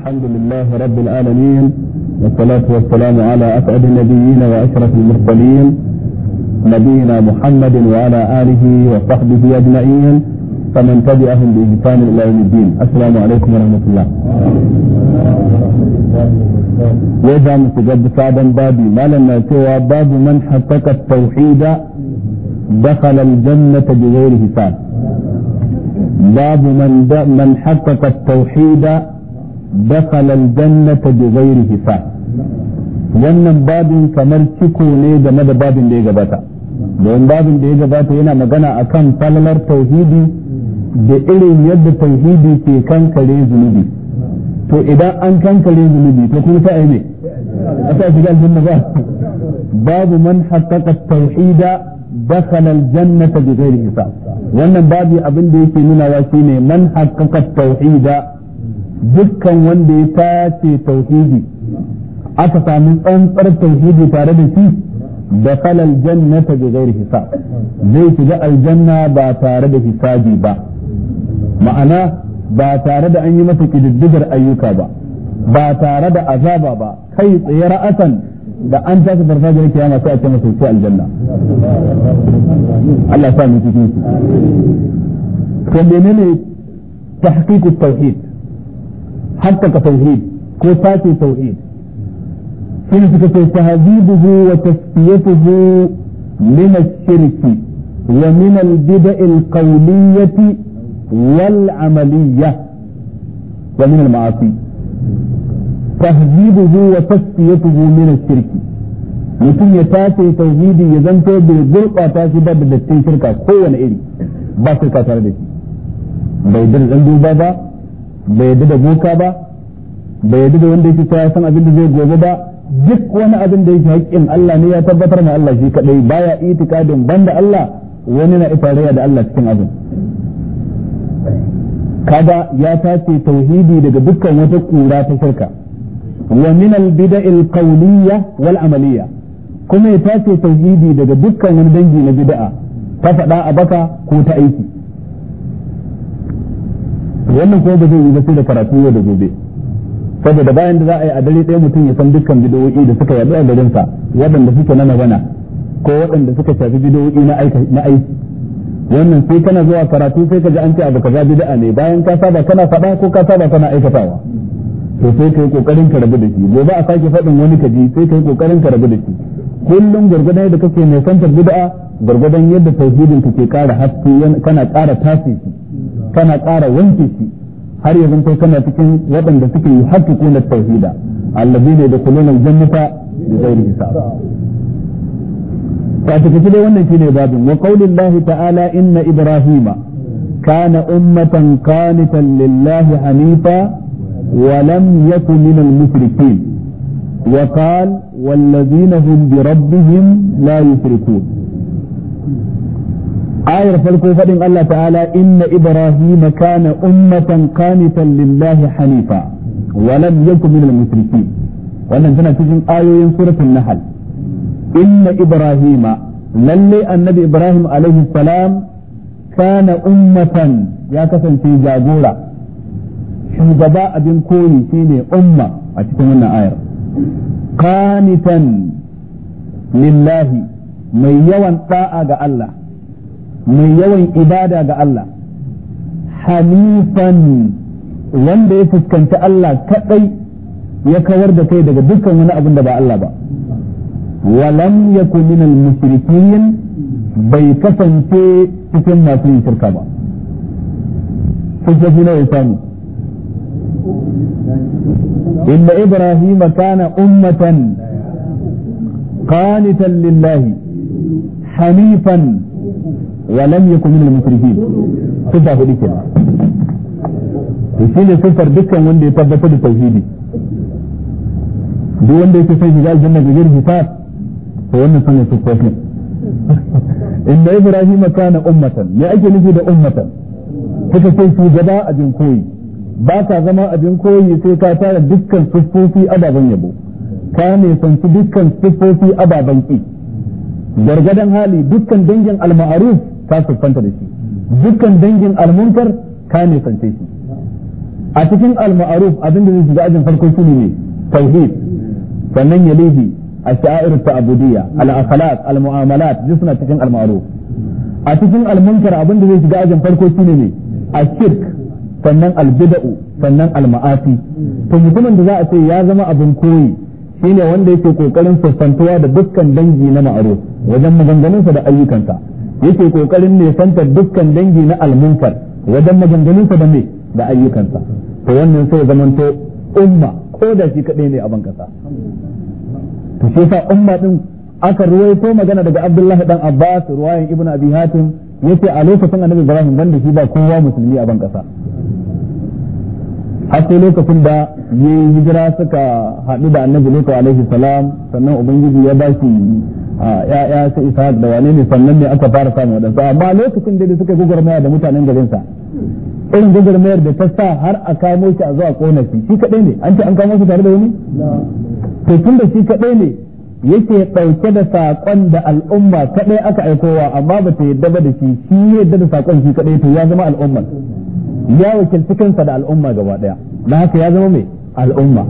الحمد لله رب العالمين والصلاة والسلام على أسعد النبيين وأشرف المرسلين نبينا محمد وعلى آله وصحبه أجمعين فمن تبعهم بإحسان إلى يوم الدين السلام عليكم ورحمة الله وإذا متجد سعدا بابي ما لنا سوى باب من حقق التوحيد دخل الجنة بغير حساب باب من من حقق التوحيد dakhala aljannata bighairi hisab wannan babin kamar ciko ne game da babin da ya gabata don babin da ya gabata yana magana akan falalar tauhidi da irin yadda tauhidi ke kankare zunubi to idan an kankare zunubi to kuma sai ne a sa shiga aljanna ba babu man haqqaqa tauhida dakhala aljannata bighairi hisab wannan babu abin da yake nuna wa shine man haqqaqa tauhida dukkan wanda ya tace tauhidi aka sami tsantsar tauhidi tare da shi da falal janna ta ghairi hisab zai shiga aljanna ba tare da hisabi ba ma'ana ba tare da an yi masa kididdigar ayyuka ba ba tare da azaba ba kai tsaye ra'atan da an tashi farfajiyar kiyama sai a ce masa wuce aljanna Allah sa mu cikin su to menene tahqiqut tauhid حتى توحيد كفاتي توحيد ثم تكفي تهذيبه وتسبيته من الشرك ومن البدع القولية والعملية ومن المعاصي تهذيبه وتسبيته من الشرك mutum ya tace tauhidi ya zanto bai gurɓata shi ba da dattin shirka kowane iri ba shirka tare da shi bai dan bai yadda da boka ba bai yadda da wanda yake ya san abin da zai gobe ba duk wani abin da yake haƙƙin Allah ne ya tabbatar ma Allah shi kadai baya itikadin banda Allah wani na ifaraya da Allah cikin abin kada ya tace tauhidi daga dukkan wata kura ta shirka wa min al bid'il wal amaliyya kuma ya tace tauhidi daga dukkan wani dangi na bid'a ta faɗa a baka ko ta aiki wannan kuma ba zai yi ba sai da karatu yau da gobe saboda bayan da za a yi a dare ɗaya mutum ya san dukkan bidowoyi da suka yaɗu a garinsa waɗanda suke na magana ko waɗanda suka shafi bidowoyi na aiki wannan sai kana zuwa karatu sai ka ji an ce abu kaza bid'a ne bayan ka saba kana faɗa ko ka saba kana aikatawa to sai ka yi kokarin ka rabu da shi gobe a sake faɗin wani ka ji sai ka yi kokarin ka rabu da shi kullum gurgurdan yadda kake mai santar bid'a gurgurdan yadda tauhidin ka ke ƙara haske kana ƙara tasiri kana ƙara wanke shi har ya zanto kana cikin waɗanda suke yi haƙƙi kunar tauhida allazi ne da kulunan jannata da zairi hisab ta tafi dai wannan shine babin wa qaulillahi ta'ala inna ibrahima kana ummatan qanitan lillahi hanifa wa lam yakun minal mushrikeen وقال والذين هم بربهم لا يشركون ayar farko faɗin Allah ta'ala inna ibrahima kana ummatan qanitan lillahi hanifa wa lam yakun minal wannan tana cikin ayoyin suratul nahl inna ibrahima lalle annabi ibrahim alaihi salam kana ummatan ya kasance jagora shugaba abin koyi shine umma a cikin wannan ayar qanitan lillahi mai yawan da'a ga Allah mai yawan ibada ga Allah hanifan wanda ya fuskanci Allah kadai ya kawar da kai daga dukkan wani abin da ba Allah ba walam yakun min al bai kasance cikin masu yin shirka ba hujjaji nawa samu inna ibrahima kana ummatan qanitan lillahi hanifan wa lam yakun min al-musrifin sifa hudu kenan to shine sifar dukkan wanda ya tabbatar da tauhidi duk wanda yake son shiga aljanna ga girhi fa to wannan sanin sifofi inna ibrahima kana ummatan me ake nufi da ummatan kuka sai shugaba abin koyi ba ka zama abin koyi sai ka tara dukkan yabo ka ne sanci dukkan ababen ki gargadan hali dukkan dangin al-ma'ruf ka siffanta da shi dukkan dangin al-munkar ka ne sance shi a cikin al abin da zai shiga ajin farko shine ne tauhid sannan ya lihi الشعائر التعبدية الأخلاق المعاملات جسنا تكن المعروف أتكن المنكر أبن دي شجاع جنفر a الشرك sannan albida'u sannan alma'afi to mutumin da za a ce ya zama abin koyi shine wanda yake kokarin fuskantuwa da dukkan dangi na ma'ruf wajen maganganunsa da ayyukansa yake kokarin santar dukkan dangi na almunkar wajen maganganunsa da me da ayyukansa to wannan sai zamanto umma ko da shi kadai ne a bankasa to shi yasa umma din aka ruwaito magana daga Abdullahi dan Abbas ruwayan Ibn Abi Hatim yace a lokacin Annabi Ibrahim banda shi ba kowa musulmi a ban har sai lokacin da ya yi hijira suka haɗu da annabi Lutu alaihi salam sannan ubangiji ya ba shi ya'ya sai isa da wane ne sannan ne aka fara samun waɗansu amma lokacin da suka gwagwarmaya da mutanen sa irin gwagwarmayar da ta sa har a kamo shi a zuwa kona shi shi kaɗai ne an ce an kamo shi tare da wani to tun da shi kaɗai ne yake ɗauke da saƙon da al'umma kaɗai aka aikowa amma ba ta yadda ba da shi shi yadda da saƙon shi kaɗai to ya zama al'umman ya wakilci kansa da al'umma gaba daya na haka ya zama mai al'umma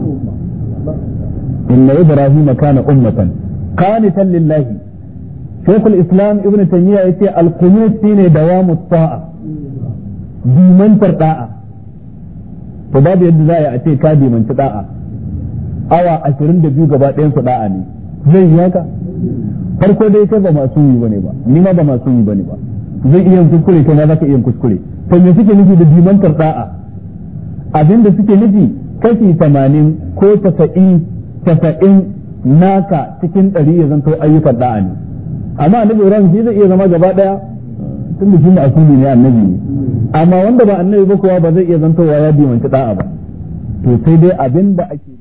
inna ibrahim kana ummatan qanitan lillahi shaykh al-islam ibn taymiyyah yace al-qunut shine dawamu ta'a dimantar da'a to babu yadda za a ce ka dimanci da'a awa 22 gaba ɗayan su da'a ne zai yi haka farko dai kai ba masu yi bane ba ni ma ba masu yi bane ba zai iya kuskure kai ma zaka iya kuskure to me suke nufi da dimantar da'a abinda suke nufi kashi tamanin ko tasa'in tasa'in naka cikin ɗari ya zanto ayyukan da'a ne amma annabi ran shi zai iya zama gaba ɗaya tun da shi ma'asumi ne annabi ne amma wanda ba annabi ba kowa ba zai iya wa ya dimanci da'a ba to sai dai abin da ake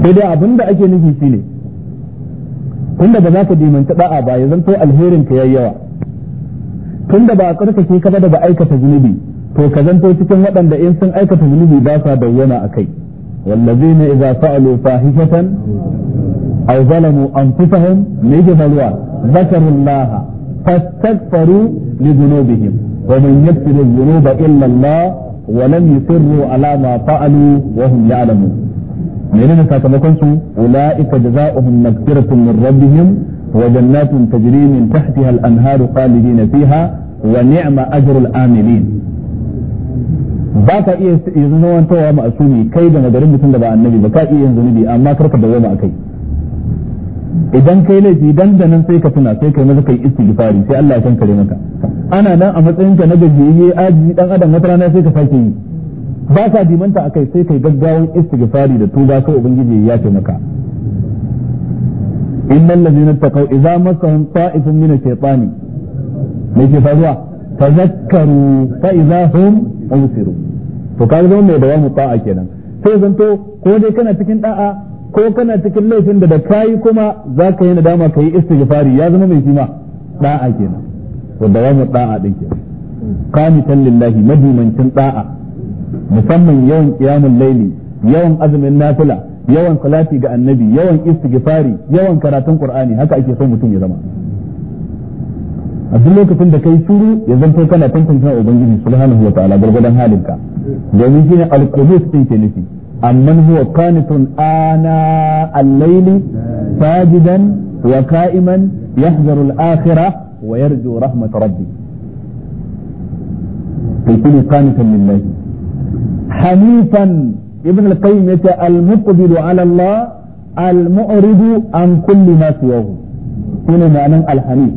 sai dai abin da ake nufi ne tunda ba za ka dimanta da'a ba ya zanto alherin ka yayi yawa tunda ba a karkace ka ba da ba aikata zunubi to ka zanto cikin waɗanda in sun aikata zunubi ba sa dawwama a kai wallazina idza fa'alu fahishatan aw zalamu anfusahum me yake faruwa zakarullaha fastaghfiru li dhunubihim wa man yaghfiru dhunuba illa Allah wa lam yusirru ala ma fa'alu wa hum ya'lamun menene sakamakon su ulaika jazaohum maghfiratun min rabbihim wa jannatun tajri min tahtiha al-anhar khalidin fiha wa ni'ma ajrul amilin ba ka iya yanzu zamantowa ma'asumi kai da nagarin mutum da ba annabi ba ka iya yanzu zunubi amma ka da goma kai. idan kai laifi dan da nan sai ka tuna sai kai maza kai istighfari sai Allah ya kare maka ana nan a matsayin ka na gajiyayye aji dan adam wata rana sai ka sake yi ba sa dimanta kai sai kai gaggawan istighfari da tuba sai ubangiji ya ce maka innal ladina taqaw idza massahum ta'ifun min ash-shaytani me ke faruwa tazakkaru fa idza hum mubsirun to ka zama mai dawamu ta'a kenan sai zanto ko dai kana cikin da'a ko kana cikin laifin da da kayi kuma za yi nadama ka yi istighfari ya zama mai kima da'a kenan to dawamu da'a din kenan qanitan lillahi madumancin da'a musamman yawan kiyamun laili yawan azumin nafila yawan salati ga annabi yawan istighfari yawan karatun qur'ani haka ake son mutum ya zama a duk lokacin da kai shiru ya zanto kana tantance ubangiji subhanahu wataala halin halinka domin shine alqudus din ke nufi amman huwa qanitun ana al-layli sajidan wa qa'iman yahzaru al-akhirah wa yarju rahmat rabbi kai shine qanitun lillahi hanifan ibn al-qayyim yace al-muqbilu ala an kulli ma siwahu shine ma'anan al-hanif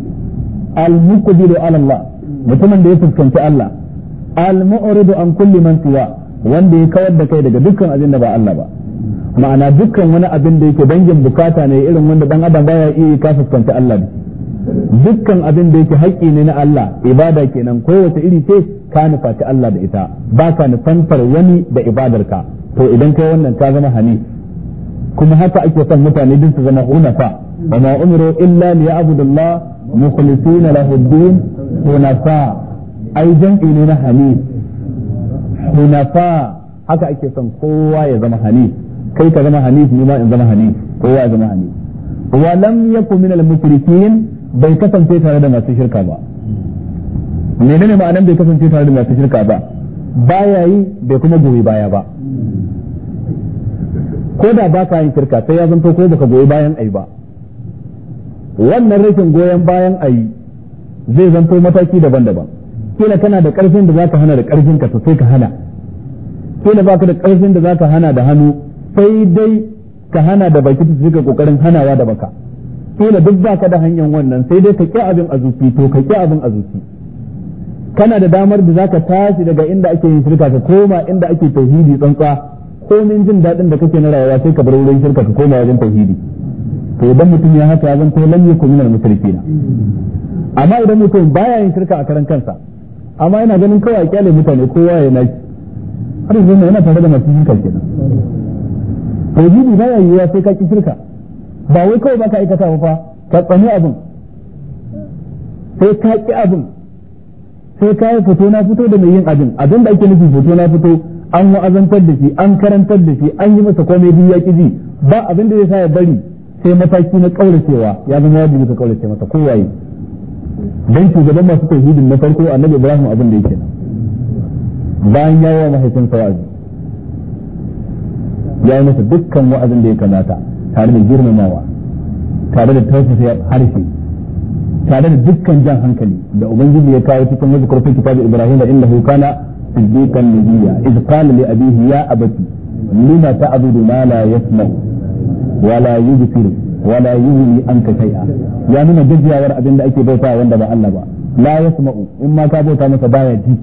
al-muqbilu ala mutumin da ya fuskanci Allah al-mu'ridu an kulli man siwa wanda ya kawar da kai daga dukkan abin da ba Allah ba ma'ana dukkan wani abin da yake dangin bukata ne irin wanda dan adam baya iya ka fuskanci Allah dukkan abin da yake haƙƙi ne na Allah ibada kenan kowace iri ce ka nufaci Allah da ita ba ka nufantar wani da ibadarka to idan kai wannan ka zama hani kuma haka ake son mutane din su zama hunafa wa ma umiru illa li ya'budullah mukhlisina lahu ad-din hunafa ai jam'i ne na hani hunafa haka ake son kowa ya zama hani kai ka zama hanif ni ma in zama hanif kowa ya zama hanif wa lam yakun min al-mushrikin bai kasance tare da masu shirka ba menene ma'anan bai kasance tare da masu shirka ba ya yi bai kuma goyi baya ba ko da ba ka yin shirka sai ya zanto ko baka goyi bayan ai ba wannan rashin goyon bayan ayi zai zanto mataki daban-daban kila kana da karfin da zaka hana da karfin ka sai ka hana kila baka da karfin da zaka hana da hannu sai dai ka hana da baki ta ka kokarin hanawa da baka kila duk baka da hanyar wannan sai dai ka ki abin a zuci to ka ki abin a zuci kana da damar da zaka tashi daga inda ake yin shirka ka koma inda ake tauhidi tsantsa komin jin daɗin da kake na rayuwa sai ka bar wurin shirka ka koma wajen tauhidi to idan mutum ya haka ya zanto lam yakun minal na amma idan mutum baya yin shirka a karan kansa amma yana ganin kawai kyale mutane kowa ya naci har yanzu yana tare da masu shirka kenan tauhidi baya yiwuwa sai ka ki shirka ba wai kawai ba ka aikata ba fa ka tsani abin sai ka ki abin sai ka yi fito na fito da mai yin abin abin da ake nufi fito na fito an wa'azantar da shi an karantar da shi an yi masa komai biyu ya ji ba abin da zai sa ya bari sai mataki na kauracewa ya zama wajibi ka kaurace masa ko waye dan shugaban masu tauhidin na farko annabi Ibrahim abin da yake bayan ya yi wa mahaifinsa wa'azi ya yi masa dukkan wa'azin da ya kamata tare da girmamawa tare da tausasa harshe tare da dukkan jan hankali da ubangiji ya kawo cikin mazikar fi kitabu ibrahim da innahu kana siddiqan nabiyya iz qala li abihi ya abati lima ta'budu ma la yasma wa la yubsir wa la yughni anka shay'a ya nuna gajiyawar abin da ake bauta wanda ba Allah ba la yasma'u in ma ka bauta masa baya ji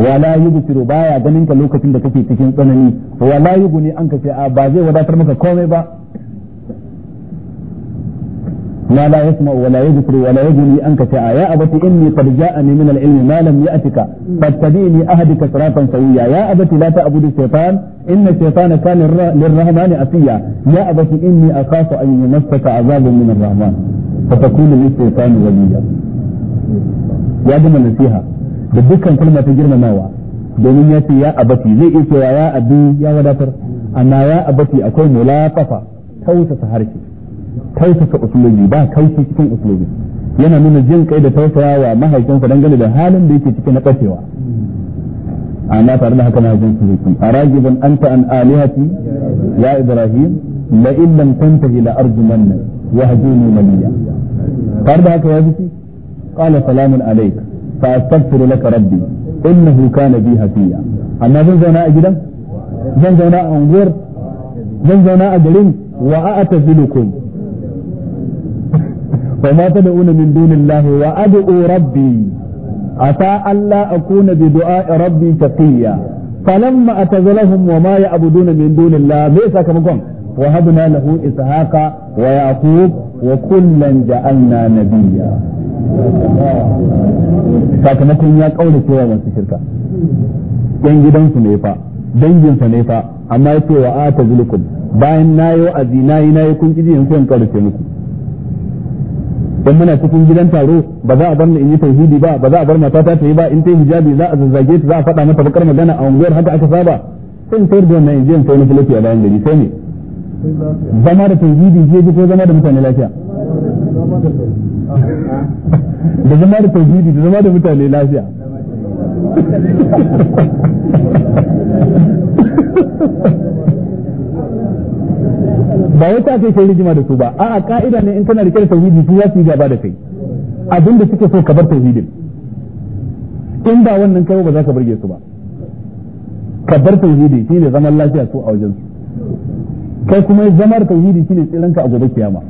ولا يبصر بايا ganin لو lokacin da kake cikin tsanani wala yuguni an kace a ba zai wadatar maka ما لا يسمع ولا يبصر ولا يبني أنك شيئا يا أبتي إني قد جاءني من العلم ما لم يأتك فاتبعني أهدك صراطا سويا يا أبتي لا تعبد الشيطان إن الشيطان كان للرحمن أسيا يا أبتي إني أخاف أن يمسك عذاب من الرحمن فتكون للشيطان وليا يا جمال نسيها da dukkan kalma ta girmamawa domin ya ce ya abati zai iya cewa ya abi ya wadatar amma ya abati akwai mulafafa tausasa harshe tausasa usulobi ba kaushi cikin usulobi yana nuna jin kai da tausayawa mahaifinsa dangane da halin da yake cikin na ɓacewa amma tare da haka mahaifinsa zai ce aragiban anta an alihati ya ibrahim la in lam tantahi la arjumanna wa hajuni maliya tare da haka ya fi qala salamun alayka fa astaghfiru laka rabbi innahu kana bi hafiya amma zan zauna a gidan zan zauna a unguwar zan zauna a garin wa a'tazilukum فما تدعون من دون الله وأدعو ربي عسى ألا أكون بدعاء ربي تقيا فلما أتزلهم وما يعبدون من دون الله ليس كمكم وهبنا له إسحاق ويعقوب وكلا جعلنا نبيا sakamakon ya kaura cewa masu shirka yan gidansu ne fa danginsa ne fa amma ya ce a ta zulukum bayan na yi wa'azi na yi na yi kun kiji yanzu yan kaura ce muku don muna cikin gidan taro ba za a bar in yi tauhidi ba ba za a bar matata ta yi ba in ta yi hijabi za a zazzage ta za a faɗa mata bakar magana a unguwar haka aka saba sun tayar da wannan yanzu yan sai lafiya bayan gari sai ne zama da tauhidi je ko zama da mutane lafiya da zama da tauhidi da zama da mutane lafiya ba wai ta kai kai rigima da su ba a'a ka'ida ne in kana rike da tauhidi su za su yi gaba da kai abin da suke so ka bar tauhidin in ba wannan kai ba za ka burge su ba ka bar tauhidi shine zaman lafiya su a wajen su kai kuma zamar tauhidi shine tsiranka a gobe kiyama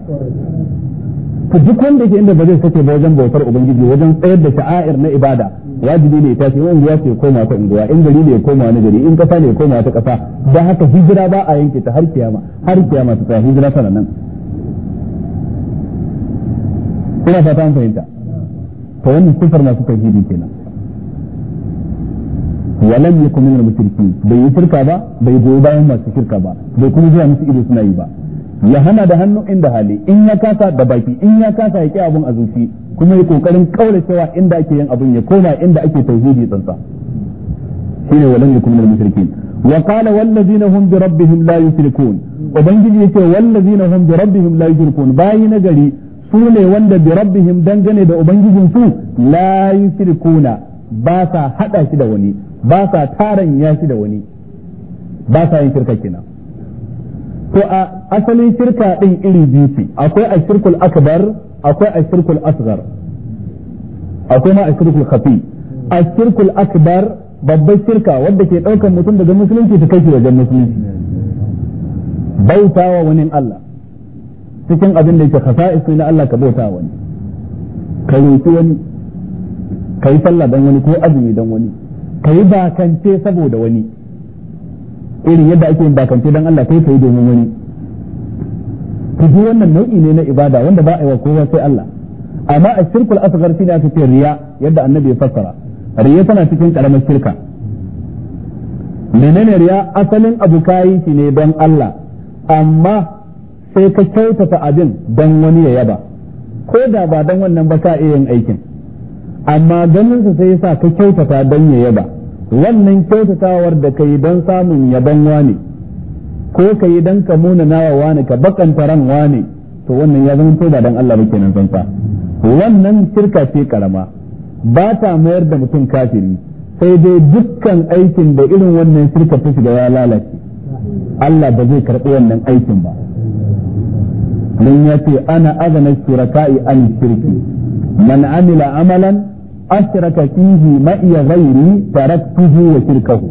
to duk wanda ke inda ba zai sake ba wajen bautar ubangiji wajen tsayar da sha'air na ibada wajibi ne ta ce wani ya ce koma ta unguwa in gari ne koma na gari in kasa ne koma ta kasa Da haka hijira ba a yanke ta har kiyama har kiyama ta tsaya hijira sana nan ina fata an fahimta to wannan kufar masu tauhidi kenan walam yakun min al mushrikeen bai yi shirka ba bai goyi bayan masu shirka ba bai kuma zuwa musu ido suna yi ba ya hana da hannu inda hali in ya kasa da baki in ya kasa ya ki abun a zuci kuma ya kokarin kaura cewa inda ake yin abun ya koma inda ake tauhidi tsantsa shine walan yakum minal mushrikin wa qala wallazina hum bi rabbihim la yushrikun ubangiji yace wallazina hum bi rabbihim la yushrikun bayi nagari su ne wanda bi rabbihim dangane da ubangijin su la yushrikuna ba sa hada shi da wani ba sa taran ya shi da wani ba sa yin shirka kenan to a asalin shirka din iri biyu ce akwai shirkul akbar akwai a shirkul asghar akwai ma a ashirkul khafi shirkul akbar babbar shirka wadda ke daukar mutum daga musulunci ta kai shi wajen musulunci wa wani Allah cikin abin da yake kasa ne na Allah ka bauta wani ka roki wani ka yi sallah dan wani ko azumi dan wani ka yi bakance saboda wani irin yadda ake yin bakance dan Allah kai kai domin wani to duk wannan nau'i ne na ibada wanda ba a yi wa kowa sai Allah amma a shirkul asghar shine ake ce riya yadda annabi ya fassara riya tana cikin karamar shirka menene riya asalin abu kayi shi ne don Allah amma sai ka kyautata abin don wani ya yaba ko da ba dan wannan ba ka iya yin aikin amma ganin su sai sa ka kyautata don ya yaba wannan kyautatawar da kai don samun yabon wane ko ka yi don ka nawa wane ka bakanta ran wane to wannan ya zama ba don Allah ba nan san fa wannan shirka ce karama ba ta mayar da mutum kafiri sai dai dukkan aikin da irin wannan shirka ta shiga ya lalace Allah ba zai karɓi wannan aikin ba don ya ce ana azana shuraka'i an shirki man amila amalan ashraka fihi ma iya ghairi taraktuhu wa shirkahu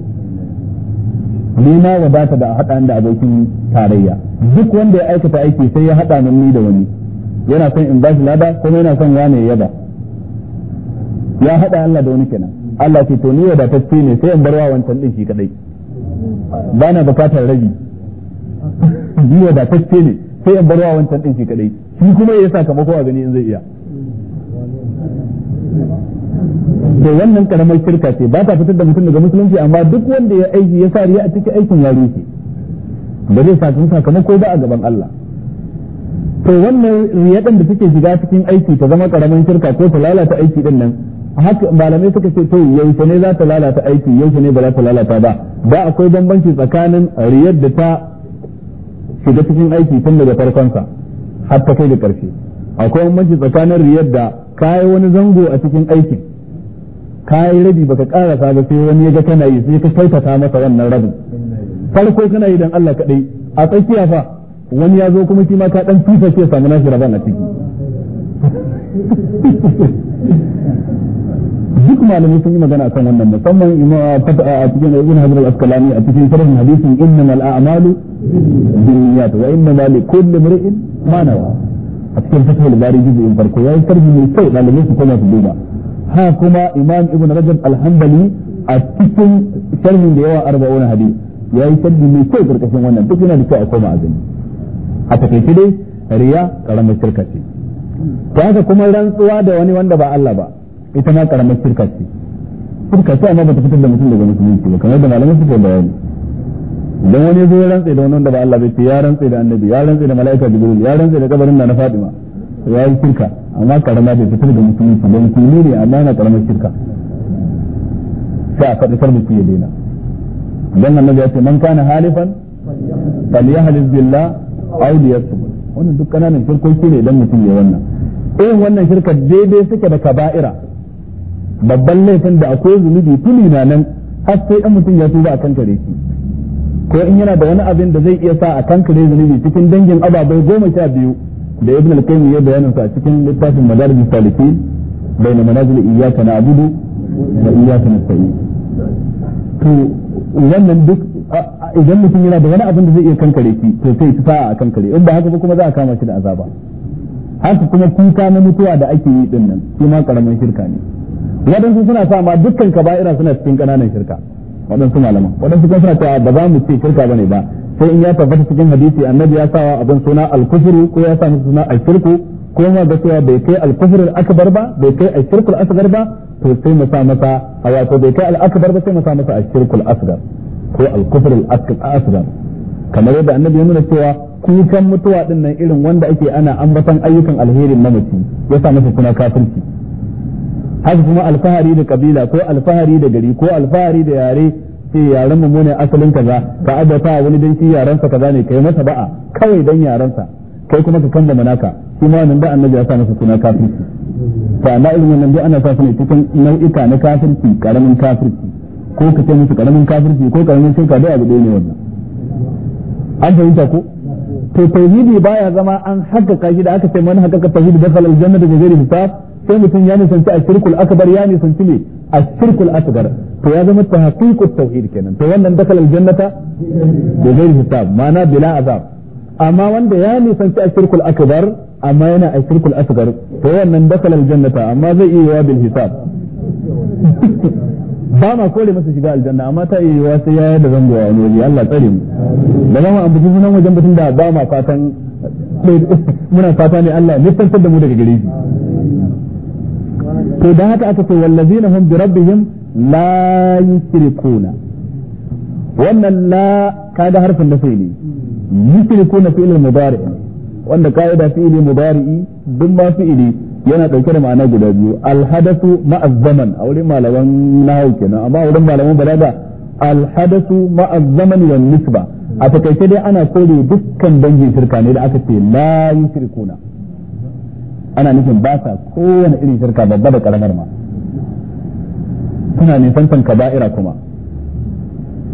ni na da hada da abokin tarayya duk wanda ya aikata aiki sai ya hada ni da wani yana son in ba shi kuma yana son wane ya ya hada Allah da wani kenan Allah ce to ni wadatacce ne sai in bar wa wancan shi kadai ba na bukatar rabi ni wadatacce ne sai in bar wa wancan shi kadai shi kuma ya sakamako a gani in zai iya to wannan karamar shirka ce ba ta fitar da mutum daga musulunci amma duk wanda ya aiki ya sa riya a cikin aikin ya rushe ba zai sakamu sakamako ba a gaban Allah to wannan riyadan da take shiga cikin aiki ta zama karamar shirka ko ta lalata aiki din nan haka malamai suka ce to yaushe ne za ta lalata aiki yaushe ne ba za ta lalata ba ba akwai bambanci tsakanin riyar da ta shiga cikin aiki tun daga farkonsa har ta kai da ƙarshe akwai bambanci tsakanin riyar da kayi wani zango a cikin aikin ka yi rabi baka karasa ba sai wani ya ga kana yi sai ka kyautata masa wannan rabin farko kana yi dan Allah kadai a tsakiya fa wani ya zo kuma shi ma ka dan tusa ke samu nashi rabon a ciki duk malami sun yi magana akan wannan musamman a cikin ibn hajar al-asqalani a cikin sharhin hadisin innamal a'malu binniyat wa innamal likulli imrin ma nawa a cikin fatahul bari juz'in farko yayi sharhi mai kyau dalibai su koma su duba ha kuma imam ibn rajab al a cikin sharhin da yawa arba'una ya yi sharhi mai kyau karkashin wannan duk yana da kyau a koma a gani a takaice dai riya karamar shirka ce ta haka kuma rantsuwa da wani wanda ba Allah ba ita ma karamar shirka ce shirka ce amma bata fitar da mutum daga musulunci ba kamar da malamai suke bayani idan wani zo ya rantsa da wani wanda ba Allah bai ce ya rantsa da annabi ya rantsa da mala'ika jibril ya rantsa da kabarin na na Fatima ya yi shirka amma karama bai fitar da musulunci ba musulmi ne amma yana karamar shirka sai a faɗi mutum ya daina dan nan ya ce man kana halifan falyahlif billah aw liyasmut wannan duk kananan shirkoki ne idan mutum ya wannan irin wannan shirka daidai suke da kaba'ira babban laifin da akwai zunubi tuni na nan har sai dan mutum ya tuba a kankare shi ko in yana da wani abin da zai iya sa a kankare zunubi cikin dangin ababai goma sha biyu da ibn al-qayyim ya bayanin sa a cikin littafin madarij salikin bayna manazil iyyaka na'budu wa iyyaka nasta'in to wannan duk idan mutum yana da wani abin da zai iya kankare shi to sai ta sa'a a kankare in ba haka ba kuma za a kama shi da azaba haka kuma kuka na mutuwa da ake yi din nan shi ma karamin shirka ne waɗansu suna sa ma dukkan kaba'ira suna cikin ƙananan shirka waɗansu malaman waɗansu kuma suna cewa ba za mu ce shirka bane ba sai in ya tabbata cikin hadisi annabi ya sawa abin suna al-kufru ko ya sa masa suna al-shirku ko ma ga cewa bai kai al-kufru al-akbar ba bai kai al-shirku al-asghar ba to sai mu sa masa a wato bai kai al-akbar ba sai mu sa masa al-shirku al ko al-kufru al kamar yadda annabi ya nuna cewa kukan mutuwa din nan irin wanda ake ana ambatan ayyukan alherin mamaci ya sa masa suna kafirci haka kuma alfahari da kabila ko alfahari da gari ko alfahari da yare ce yaran mu ne asalin kaza ka adata wani dan shi yaran sa kaza ne kai masa ba'a kawai dan yaran sa kai kuma ka kamba manaka shi ma nan da annabi ya sa masa suna kafirci fa na ilmin nan da ana sa su ne cikin nau'ika na kafirci karamin kafirci ko ka ce musu karamin kafirci ko karamin shirka da abu ɗaya ne wannan an fahimta ko to tauhidi baya zama an haƙƙaƙa shi da aka ce man haƙƙaƙa tauhidi dakhala aljanna da ghairi hisab sai mutum ya nisan ta ashirkul akbar ya nisan ta ashirkul akbar to ya zama tahqiqut tauhid kenan to wannan dakal aljannata bi ghairi hisab mana bila azab amma wanda ya nisan ta ashirkul akbar amma yana ashirkul akbar to wannan dakal aljannata amma zai iya yawa bil hisab ba ma kore masa shiga aljanna amma ta iya yawa sai ya da zango a wani waje Allah tsare mu da zama an buji sunan wajen batun da ba ma fatan muna fata ne Allah ya nisantar da mu daga gare shi to da haka aka ce wallazina hum bi rabbihim la yushrikuna wannan la kaida harfin da sai ne yushrikuna fi'il mudari wanda kaida fi'il mudari duk ba fi'ili yana dauke da ma'ana guda biyu al hadathu ma zaman a wurin malaman nahwu kenan amma wurin malaman balaga al hadathu ma zaman wan nisba a takaice dai ana kore dukkan dangin shirka ne da aka ce la yushrikuna ana nufin ba sa kowane irin shirka babba da karamar ma suna nisantan kaba'ira kuma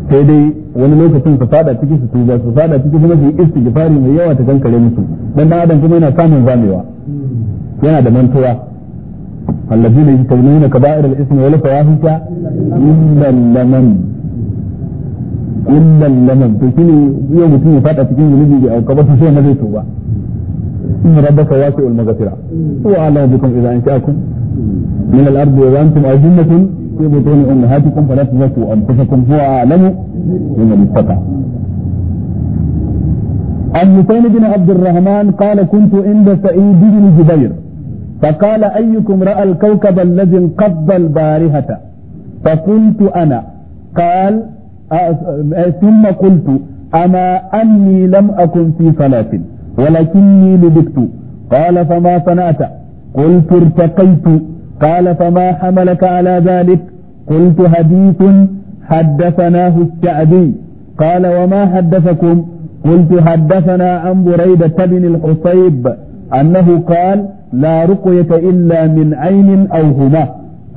sai dai wani lokacin su fada ciki su tuba su fada ciki kuma su yi istighfari mai yawa ta kankare musu dan dan adam kuma yana samun zamewa yana da mantuwa allazina yajtanuna kaba'ir al-ismi wal fawahisha illa laman illa laman to shine yau mutum ya fada cikin zunubi da aukaba to sai na zai tuba إن ربك واسع المغفرة هو أعلم بكم إذا أنشأكم من الأرض وأنتم أجنة في بطون أمهاتكم فلا تزكوا أنفسكم هو أعلم بمن اتقى عن حسين بن عبد الرحمن قال كنت عند سعيد بن جبير فقال أيكم رأى الكوكب الذي انقض البارهة فقلت أنا قال ثم قلت أما أني لم أكن في صلاة ولكني لبكت قال فما صنعت قلت ارتقيت قال فما حملك على ذلك قلت حديث حدثناه الشعبي قال وما حدثكم قلت حدثنا عن بريدة بن الحصيب أنه قال لا رقية إلا من عين أو هما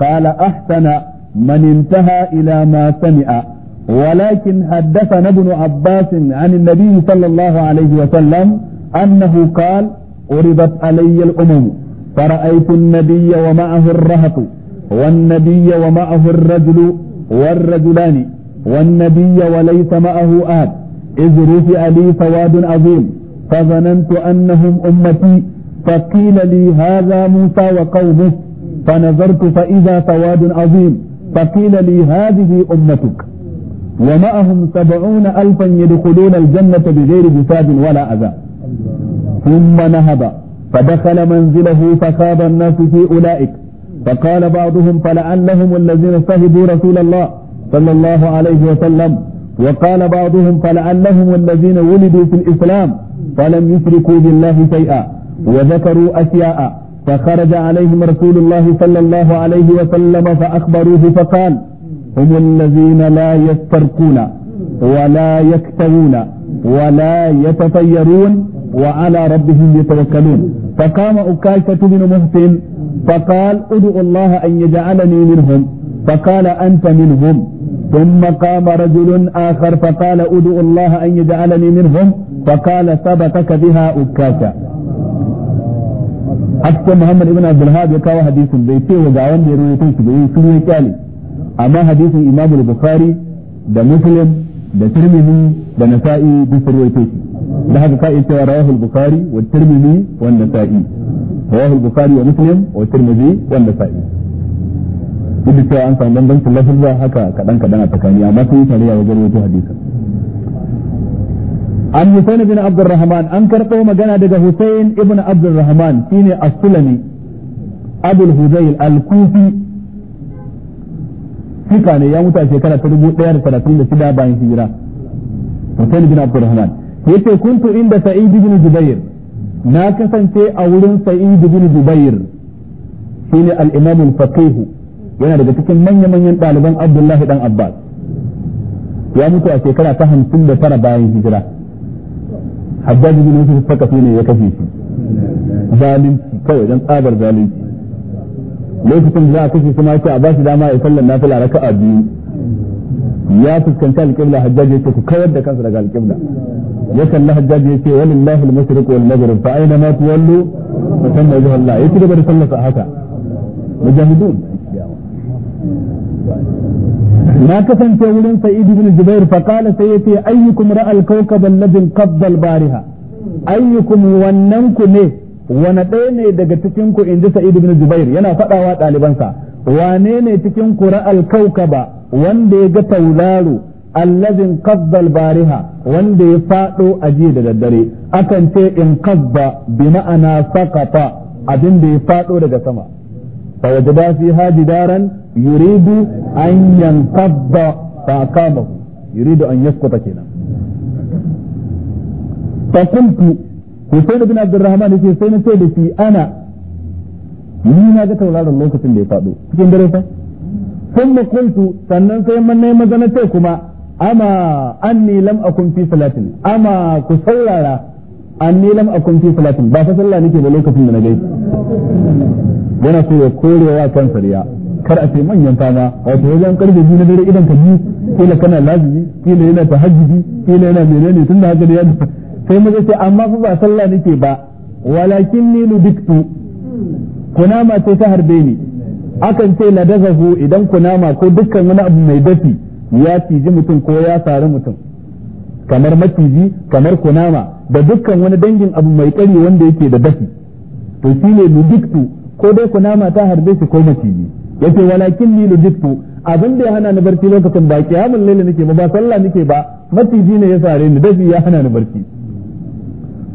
قال أحسن من انتهى إلى ما سمع ولكن حدثنا ابن عباس عن النبي صلى الله عليه وسلم أنه قال عرضت علي الأمم فرأيت النبي ومعه الرهط والنبي ومعه الرجل والرجلان والنبي وليس معه أحد إذ رفع لي سواد عظيم فظننت أنهم أمتي فقيل لي هذا موسى وقومه فنظرت فإذا سواد عظيم فقيل لي هذه أمتك ومعهم سبعون ألفا يدخلون الجنة بغير حساب ولا أذى ثم نهض فدخل منزله فخاب الناس في أولئك فقال بعضهم فلعلهم الذين صهبوا رسول الله صلى الله عليه وسلم وقال بعضهم فلعلهم الذين ولدوا في الإسلام فلم يشركوا بالله شيئا وذكروا أشياء فخرج عليهم رسول الله صلى الله عليه وسلم فأخبروه فقال هم الذين لا يسترقون ولا يكتوون ولا يتطيرون وعلى ربهم يتوكلون فقام أكاشة بن محسن فقال ادعوا الله أن يجعلني منهم فقال أنت منهم ثم قام رجل آخر فقال ادعوا الله أن يجعلني منهم فقال سبقك بها أكاشة أكثر محمد بن عبد الهاب يكاو حديث بيتي وقاوان بيرويتين سبعين سنوية كالي أما حديث إمام البخاري ده مسلم ده ترمذي ده نسائي ده سرويتين da haka ka cewa rawahu al-bukhari wa tirmidhi wa an-nasa'i rawahu al-bukhari wa muslim wa tirmidhi wa an-nasa'i duk cewa an samu bambancin lafazza haka kadan kadan a tsakani amma sun yi tarayya wajen wato hadisi an Husain ibn Abdurrahman an karɓo magana daga Husain ibn Abdurrahman shine as-Sulami Abul Hudayl al-Kufi fika ne ya mutu a shekara ta dubu ɗaya da talatin da shida bayan hijira Hussein bin Abdurrahman yace kuntu inda sa'id ibn jubair na kasance a wurin sa'id ibn jubair shine al-imam al-faqih yana daga cikin manya-manyan ɗaliban abdullahi dan abbas ya mutu a shekara ta hamsin bayan hijira hajjaj ibn yusuf faqih ne ya kashe shi zalunci kawai dan tsabar zalunci lokacin da za a kashe kuma ce a ba shi dama ya sallar nafila raka'a biyu ya fuskanta alƙibla hajjaji yace ku kawar da kansa daga alƙibla ya kalli hajjaji yace walillahi al-mashriq wal maghrib fa aina ma tuwallu fa thamma wajhu Allah yace gaba da sallasa haka mujahidun na kasance wurin sa'id ibn jubair fa qala sai yace ayyukum ra'a al-kawkab alladhi qabba bariha ayyukum wannan ku ne wani ne daga cikin ku inji sa'id ibn yana faɗawa ɗalibansa wane ne cikin ku ra'a wanda ya ga tauraro allazin kabbal bariha wanda ya fado a jiya da daddare akan ce in kabba bi ma'ana saqata abin da ya fado daga sama fa wajada fi hajidaran yuridu an yanqadda fa kama yuridu an yaskuta kenan fa kuntu Hussein ibn Abdurrahman yace sai na ce da shi ana ni na ga tauraron lokacin da ya fado cikin dare fa thumma qultu sannan sai man nayi mazana ce kuma ama anni lam akun fi salatin ama ku saurara anni lam akun fi salatin ba fa sallah nake ba lokacin da na gaisa yana so ya korewa kan sariya kar a ce manyan fama wato wajen karfe biyu na dare idan ka biyu kila kana lazimi kila yana tahajjudi kila yana menene tun da haka da yana sai maza ce amma fa ba sallah nake ba walakin ni lubiktu kunama ce ta harbe ni akan ce na idan kunama ko dukkan wani abu mai dafi ya ciji mutum ko ya sari mutum kamar maciji kamar kunama da dukkan wani dangin abu mai kari wanda yake da dafi to shi ne ludiktu ko dai kunama ta harbe shi ko maciji ce walakin ni ludiktu abin da ya hana ni barci lokacin ba kiyamul laili nake ba ba sallah nake ba maciji ne ya sare ni dafi ya hana ni barci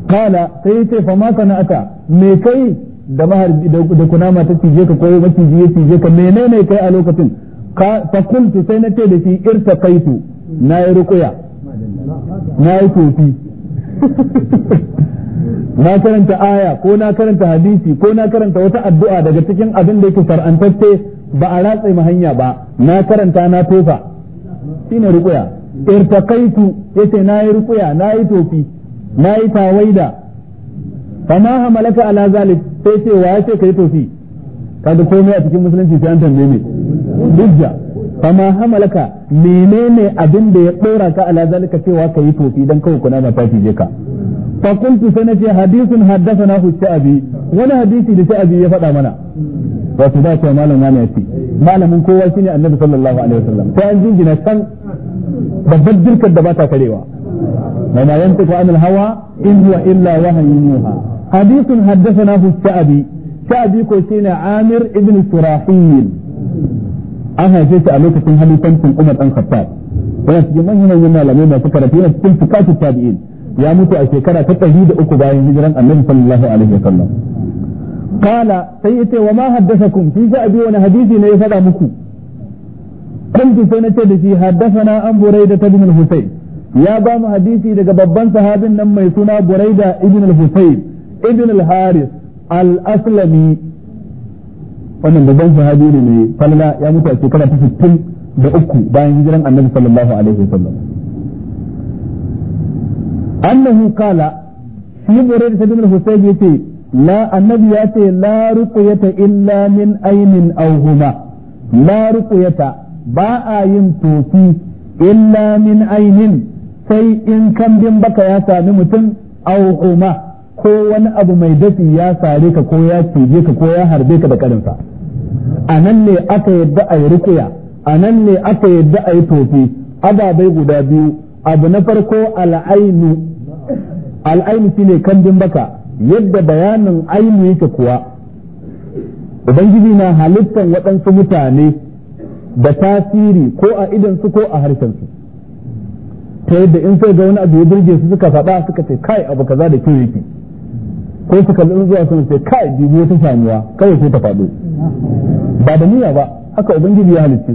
kala sai ce fa ma sana'ata me kai da mahar da kunama ta cije ka ko maciji ya cije ka menene kai a lokacin ka fa kuntu sai na ce da shi irta kaitu na yi rukuya na yi tofi na karanta aya ko na karanta hadisi ko na karanta wata addu'a daga cikin abin da yake far'antacce ba a ratse mu hanya ba na karanta na tofa shine irta kaitu yace na yi rukuya na yi tofi na yi tawaida fama hamalaka ala zalik sai ce wa ya ce kai tofi kaga komai a cikin musulunci sai an tambaye me hujja fama hamalaka menene abin da ya dora ka ala zalika cewa kai tofi dan kawai kuna ma ta je ka fa kuntu sanati hadithun haddathana hu sha'abi wani hadisi da sha'abi ya faɗa mana wato da ce malam wani ya ce malamin kowa shine annabi sallallahu alaihi wasallam sai an jingina san babbar jirkar da ba ta karewa ma ko anil hawa in huwa illa wahyun yuha حديث حدثنا حدثناه الشعبي شعبي كوشين عامر ابن سراحيل أها جيت ألوك في هل تنسل أمر أن خطاب ونسجي من هنا يما لم يما سكرت فينا تكون فكات التابعين يا متى أشيكرا تتهيد أكبا هجرا النبي صلى الله عليه وسلم قال سيئتي وما حدثكم في شعبي وانا حديثي نيفدا مكو قلت سنتدي حدثنا أم بريدة بن الحسين يا بام حديثي hadisi ببان babban sahabin nan بريدة ابن الحسين ibn al-haris al wannan babban sahabi ne mai ya mutu a shekara ta 60 da uku bayan hijiran annabi sallallahu alaihi wasallam annahu kala. shi burayd ibn al-husayn yace la annabi ce la ruqyata illa min aynin aw huma la ruqyata ba a yin tofi illa min aynin sai in kambin baka ya sami mutum aw huma ko wani abu mai dafi ya sare ka ko ya cije ka ko ya harbe ka da karinsa a nan ne aka yadda a yi rukuya a nan ne aka yadda a yi tofi ababai guda biyu abu na farko al'ainu al'ainu ne kambin baka yadda bayanin ainu yake kuwa ubangiji na halittan waɗansu mutane da tasiri ko a idansu ko a harshensu ta yadda in sai ga wani abu ya birge su suka faɗa suka ce kai abu kaza da kyau yake ko su kalli in zuwa sun sai kai dubi wata samuwa kawai sai ta faɗo ba da niyya ba haka ubangiji ya halitta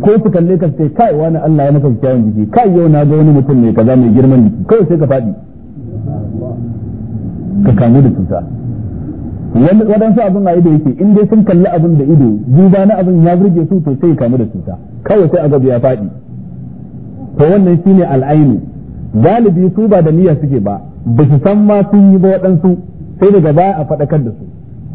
ko su kalle ka sai kai wani Allah ya maka kyawun jiki kai yau na ga wani mutum ne kaza mai girman jiki kawai sai ka faɗi ka kamu da cuta waɗansu abin a ido yake in dai sun kalli abin da ido duba na abin ya burge su to sai kamu da cuta kawai sai a gaba ya faɗi to wannan shine al'ainu galibi su ba da niyya suke ba ba su san ma sun yi ba waɗansu sai daga baya a faɗakar da su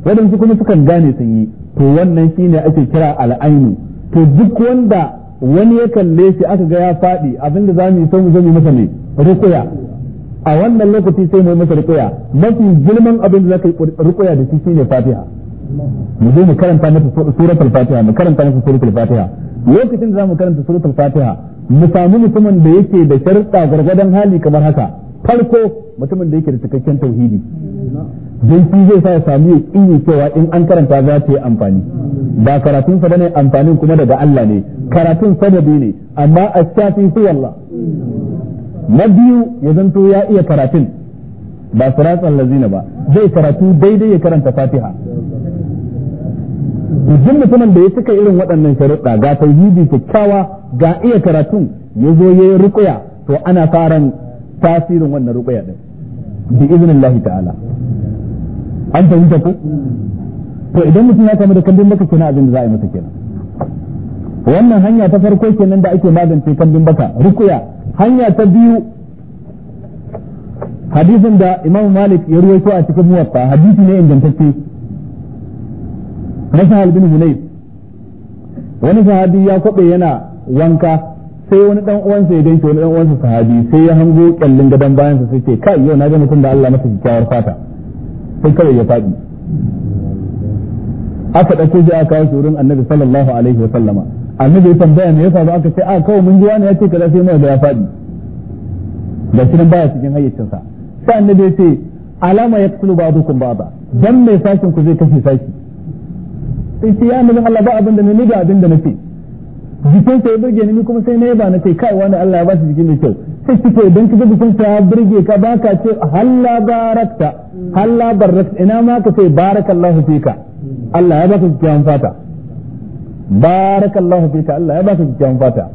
waɗansu kuma sukan gane sun yi to wannan shi ne ake kira al'ainu to duk wanda wani ya kalle shi aka ga ya faɗi abinda za mu yi sai mu zo mu masa ne rukuya a wannan lokaci sai mu masa rukuya mafi girman abin da ka yi rukuya da shi shine fatiha mu zo mu karanta masa suratul fatiha mu karanta masa suratul fatiha lokacin da za mu karanta suratul fatiha mu sami mutumin da yake da sharuɗa gargadan hali kamar haka farko mutumin da yake da cikakken tauhidi don shi zai sa ya sami ya cewa in an karanta za ta yi amfani ba karatun sa bane amfanin kuma daga Allah ne karatun sababi ne amma astafi fi Allah na biyu ya zanto ya iya karatun ba ratsan lazina ba zai karatu daidai ya karanta fatiha duk mutumin da ya cika irin waɗannan sharuɗa ga tauhidi kyakkyawa ga iya karatu ya zo ya yi rukuya to ana faran tasirin wannan rukuya din bi lahi ta'ala an fahimta ku? to idan mutum ya kama da kambin baka kenan abin da za a yi masa kenan wannan hanya ta farko kenan da ake magance kambin baka rukuya hanya ta biyu hadisin da imam malik ya ruwaito a cikin muwatta hadisi ne ingantacce na sahal bin hunayf wani sahabi ya kwabe yana wanka sai wani dan uwansa ya danke wani dan uwansa sahabi sai ya hango kallin gadon bayan sa sai ce kai yau na ga mutum da Allah masa kyakkyawar fata sai kawai ya fadi aka dauko shi aka kawo shi Annabi sallallahu alaihi wa sallama annabi ya tambaya me yasa ba aka ce a ah, kawai mun ji wani ya ce kaza sai mai da ya fadi da shi baya cikin hayyacinsa sai annabi ya ce alama ya ba yaqtulu ba'dukum ba dan mai sakin ku zai kashe saki sai ce ya annabin Allah ba abin da na niga abin da na ce jikin sa ya burge ni kuma sai na yaba na ce kai wani Allah ya ba shi jikin da kyau sai ki ce idan kaga jikin sa ya burge ka ba ka ce halla barakta halla barakta ina ma ka ce barakallahu fika Allah ya ba baka kyakkyawan fata barakallahu fika Allah ya ba baka kyakkyawan fata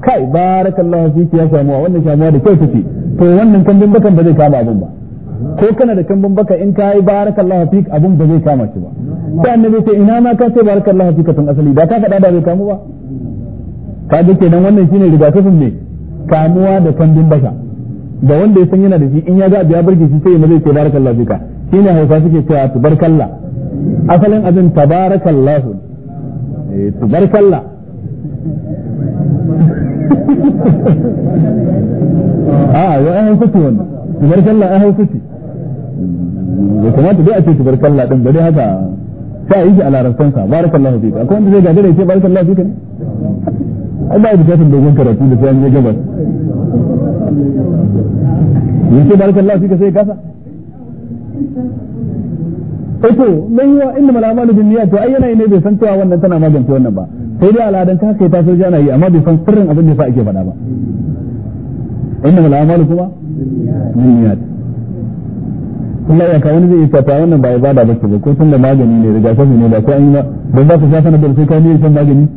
kai barakallahu fiki ya samuwa wannan samuwa da kyau take to wannan kambin bakan ba zai kama abin ba ko kana da kambun baka in ka yi barakallahu fik abun ba zai kama shi ba sai annabi ce ina ma ka ce barakallahu fik tun asali da ka fada da bai kamu ba ka ga kenan wannan shine rigakafin ne kamuwa da kambun baka da wanda ya san yana da shi in ya ga abu ya burge shi sai ya zai ce barakallahu fik shine hausa suke cewa tubarkallah asalin abin tabarakallahu eh tubarkallah a ya ai hausa wannan tubarkallah ai hausa bai kamata dai a ce tubarkalla din bari haka yi shi a larabtan sa barakallahu fika akwai wanda zai gaje da ya ce barakallahu fika ne ai ba tun dogon karatu da sai an je gabas barakallahu fika sai kasa eh to inda malamalu bin niyya to ai yanayi ne bai san cewa wannan tana magance wannan ba sai dai aladan ka kai tasiri yana yi amma bai san sirrin abin da yasa ake fada ba inda malamalu kuma Allah ya kawo zai isa ta wannan ba ibada ba ce ba ko tun da magani ne rigakafi ne ba ko an yi ba don za ka sha sanar da sai ka niyyar shan magani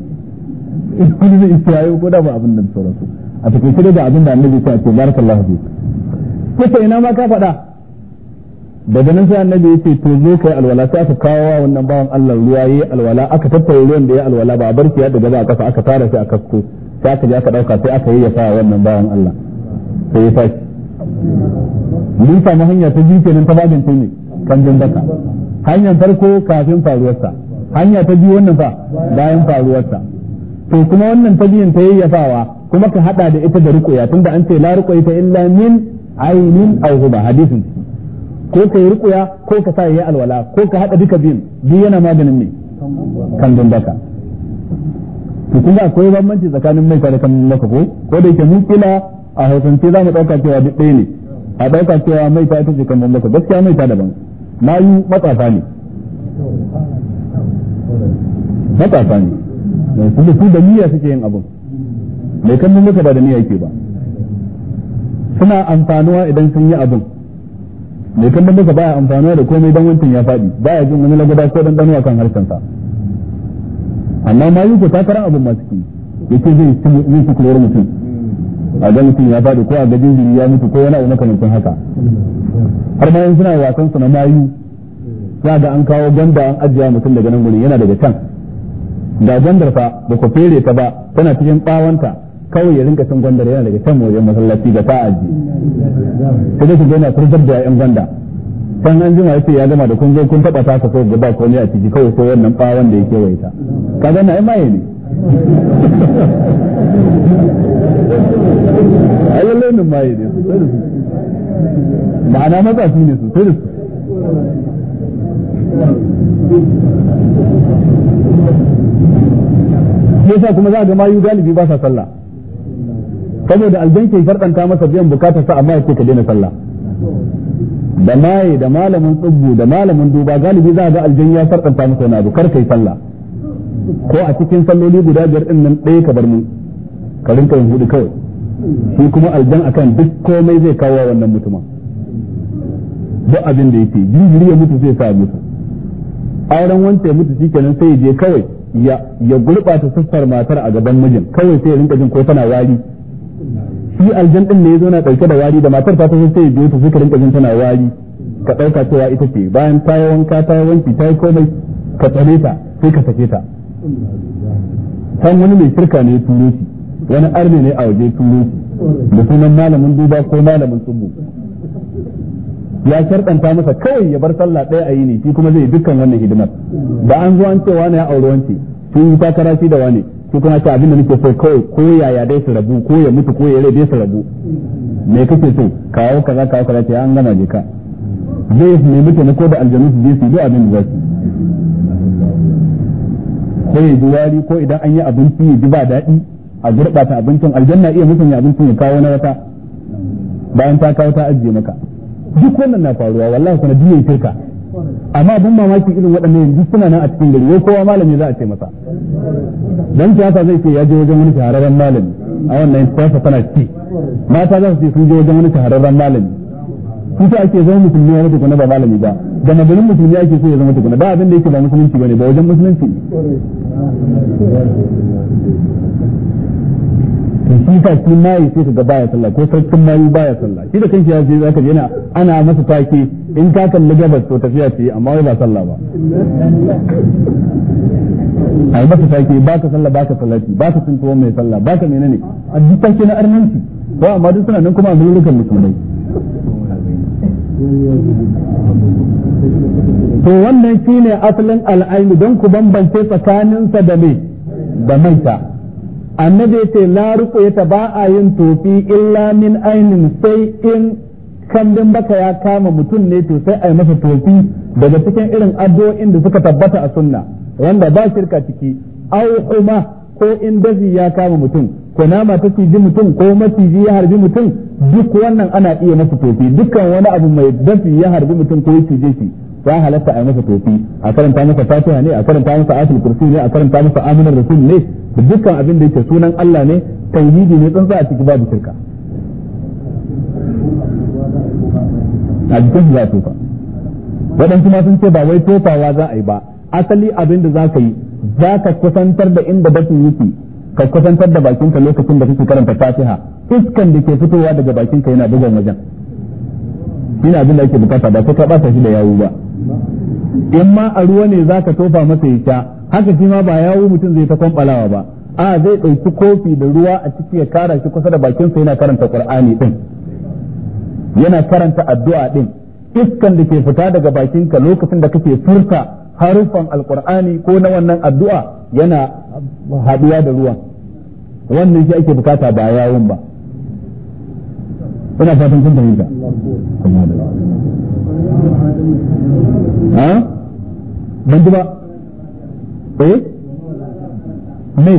eh, wani zai isa ya yi ko da ba abin da sauransu a takaice da abin da annabi ya ce barakallahu fi kusa ina ma ka faɗa daga nan sai annabi ya ce to zo kai alwala sai aka kawo wannan bawan Allah ruwa yayi alwala aka tattara ruwan da yayi alwala ba a bar shi ya daga ba a kasa aka tara shi a kasko sai aka je aka dauka sai aka yayyafa wannan bawan Allah sai ya tashi mun samu hanya ta biyu kenan ta babin ta ne kanjin daka hanyar farko kafin faruwarsa hanya ta biyu wannan fa bayan faruwarsa to kuma wannan ta biyun ta yayyafawa kuma ka hada da ita da tun tunda an ce la ruqya ta illa min aynin aw huba hadisin ko kai yi ko ka sa yayi alwala ko ka hada duka biyun duk yana maganin ne kanjin daka to kun ga akwai bambanci tsakanin mai da kan maka ko ko da yake mun kila a hausance za mu dauka cewa duk ɗaya ne a ɗauka cewa mai ta ita ce kan gaskiya mai ta daban mayu matsafa ne matsafa ne kuma su da niyya suke yin abin mai kan bambasa ba da niyya yake ba suna amfanuwa idan sun yi abin mai kan ba baya amfanuwa da komai dan wancan ya faɗi baya jin wani lagoda ko dan danuwa kan harshensa amma mayu ko takarar abin masu ki yake zai yi su kulorin mutum a ga mutum ya faɗi ko a ga jinjiri ya mutu ko yana abu makamancin haka har ma suna wasan su na mayu ya ga an kawo gwanda an ajiya mutum daga nan gurin yana daga can da gandar fa ba ku fere ta ba tana cikin bawanta kawai ya rinka cin gandar yana daga can wajen masallaci da ta ga sai yana da ƴan gwanda san an jima yake ya gama da kun zo kun taba ta ko ba ko ne a ciki kawai ko wannan bawan da ya yake waita kaga na ai maye ne a yi launin maye ne su da su ma'ana ne su da su yasa kuma za a ga mayu galibi ba sa sallah saboda aljan ke farɗanta masa biyan bukatar sa amma ya ce ka daina sallah da maye da malamin tsibbu da malamin duba galibi za a ga aljan ya farɗanta masa wani abu kar kai sallah ko a cikin salloli guda biyar ɗin nan ɗaya ka bar mu ka rinka yin hudu kawai shi kuma aljan akan duk komai zai kawo wannan mutumin duk abin da yake jiri ya mutu zai sa mutu auren wanda ya mutu shikenan sai ya je kawai ya ya gurbata sassar matar a gaban mijin kawai sai ya rinka jin ko tana wari shi aljan din ne ya zo na dauke da wari da matar ta ta sai ya biyo ta sai rinka jin tana wari ka dauka cewa ita ce bayan ta yi wanka ta yi wanki ta yi komai ka tsare ta sai ka sake ta san wani mai shirka ne ya turo shi wani arne ne a waje turo da sunan malamin duba ko malamin sumbu. ya sharɗanta masa kawai ya bar sallah ɗaya a yi ne shi kuma zai dukkan wannan hidimar da an zo an ce wani ya auri wance tun yi takara shi da wani shi kuma ce abin da nake so kawai ko yaya dai su rabu ko ya mutu ko ya rai su rabu me kake so kawo kaza kawo kaza ta an gama je ka zai nemi taimako da aljanu su je su yi abin da za su ko ya ji ko idan an yi abinci ya ji ba daɗi a gurɓata abincin aljanna iya musanya abincin ya kawo na wata bayan ta kawo ta ajiye maka duk wannan na faruwa wallahi sanadiyyar shirka amma abin mamaki irin waɗannan yanzu suna nan a cikin gari wai kowa malami za a ce masa dan siyasa zai ce ya je wajen wani shahararren malami a wannan siyasa tana ci mata za su ce sun je wajen wani shahararren malami kusa ake zama musulmi ya kuna ba malami ba da maganin musulmi ake so ya zama tukuna ba abin da yake ba musulunci bane ba wajen musulunci shi ta shi mayi sai ka ga baya sallah ko sarkin mayu baya sallah shi da kanshi ya ce zaka yana ana masa take in ka kalli gabas to tafiya ce amma wai ba sallah ba ai masa take ba ka sallah ba ka salati ba ka tuntuwa mai sallah ba ka menene a duk take na arnanci ba amma duk suna nan kuma a milikan musulmai to wannan shine asalin al'ainu don ku bambance tsakaninsa da me da maita annabi ce la ruqyata ba a yin tofi illa min ainin sai in kambin baka ya kama mutum ne to sai a masa tofi daga cikin irin addu'o'in da suka tabbata a sunna wanda ba shirka ciki au kuma ko in dazi ya kama mutum ko nama ta ciji mutum ko maciji ya harbi mutum duk wannan ana iya masa tofi dukkan wani abu mai dafi ya harbi mutum ko ya cije shi ya halatta a masa tofi a karanta masa fatiha ne a karanta masa ayatul kursi ne a karanta masa aminar rasul ne dukkan abin da yake sunan Allah ne tauhidi ne tsantsa a ciki babu shirka a jikin za tofa waɗansu ma sun ce ba wai tofawa za a yi ba asali abin da za ka yi za ka kusantar da inda batun yake ka kusantar da bakinka lokacin da kake karanta fatiha iskan da ke fitowa daga bakinka yana bugan wajen abin da ake bukata ba ko ba shi da yawu ba in ma a ruwa ne za ka tofa masa ya sha haka shi ma ba yawo mutum zai ta kwamɓalawa ba a zai ɗauki kofi da ruwa a ciki ya kara shi kusa da bakinsa yana karanta kur'ani ɗin yana karanta addu'a ɗin iskan da ke fita daga bakinka lokacin da kake furta harufan alqur'ani ko na wannan addu'a yana haɗuwa da ruwan wannan shi ake bukata ba yawon ba ina fatan kun fahimta a ban ji ba eh? me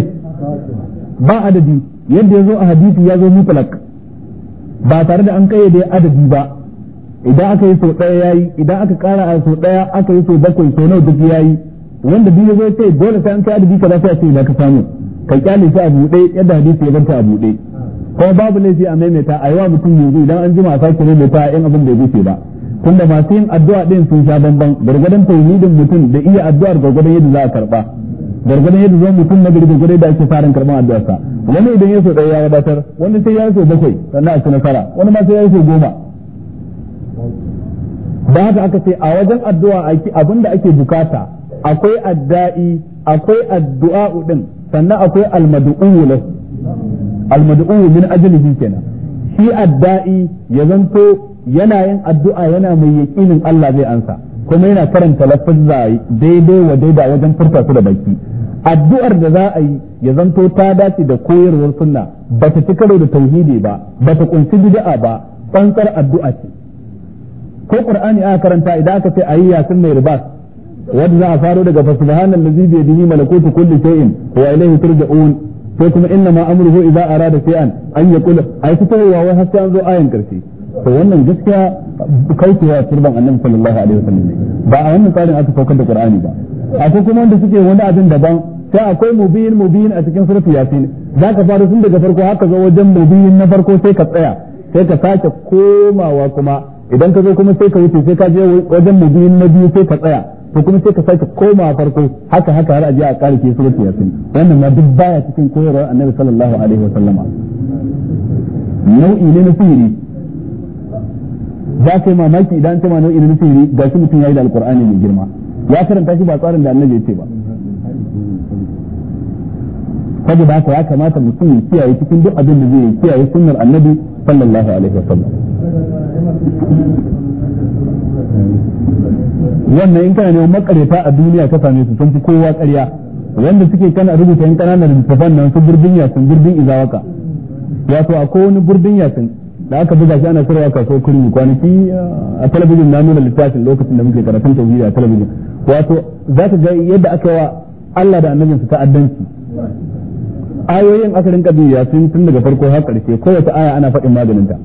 ba adadi yadda ya zo a hadisi ya zo mutlak ba tare da an kai kayyade adadi ba idan aka yi sau ɗaya ya idan aka kara a sau ɗaya aka yi sau bakwai sau nawa duk yayi wanda biyu zai ce dole sai an kai adadi kaza sai a ce da ka samu ka kyale shi a buɗe yadda hadisi ya zanta a buɗe kuma babu laifi a maimaita a yawa mutum yanzu idan an jima a sake maimaita in abin da ya ba tunda masu yin addu'a din sun sha bamban gargadan tauhidin mutum da iya addu'ar gargadan yadda za a karba gargadan yadda zan mutum na gargadan da ake farin karban addu'ar sa wani idan ya so ɗaya ya wadatar wani sai ya so bakwai sannan a ci nasara wani ma sai ya so goma ba haka aka ce a wajen addu'a abinda ake bukata akwai adda'i akwai addu'a din sannan akwai almadu'u lahu almadu'u min ajlihi kenan shi adda'i ya zanto yana yin addu'a yana mai yaƙinin Allah zai ansa kuma yana karanta lafazza daidai wa daida wajen furta su da baki addu'ar da za a yi ya zanto ta dace da koyarwar sunna ba ta ci karo da tauhidi ba ba ta kunshi bid'a ba tsantsar addu'a ce ko qur'ani aka karanta idan aka ce ayi yasin mai ribas wanda za a faro daga fa subhanallazi bi yadihi malakutu kulli shay'in wa ilayhi turja'un Sai kuma inna ma amruhu idza arada shay'an an yaqul ai fitowa wai har sai an zo ayan karshe to wannan gaskiya kaucewa turban annabi sallallahu alaihi wasallam ne ba a wannan tsarin aka saukar da qur'ani ba akwai kuma wanda suke wani abin daban sai akwai mubin mubin a cikin suratul yasin zaka fara tun daga farko haka zo wajen mubin na farko sai ka tsaya sai ka sake komawa kuma idan ka zo kuma sai ka wuce sai ka je wajen mubin na biyu sai ka tsaya to kuma sai ka sake koma farko haka haka har a je a karike suratul yasin wannan ma duk baya cikin koyarwar annabi sallallahu alaihi wasallama nau'i ne na sihiri za ka yi mamaki idan ta mana nau'in nufin sihiri ga shi mutum ya yi da alkur'ani mai girma ya karanta shi ba tsarin da annabi ya ce ba ba ka ya kamata mutum ya kiyaye cikin duk abin da zai yi kiyaye sunnar annabi sallallahu alaihi wa sallam wannan in kana neman makareta a duniya ka same su sun fi kowa ƙarya wanda suke kana rubuta yin kananan littafan nan su burbin yasin burbin izawaka wato a wani burbin yasin da aka buga shi ana sarwa kaso kurmi kwanaki a talabijin na nuna littafin lokacin da muke karatun tauhidi a talabijin wato za ka ga yadda aka wa Allah da annabinsa ta'addanci ayoyin aka rinka biya sun tun daga farko har karshe kowace aya ana faɗin ta.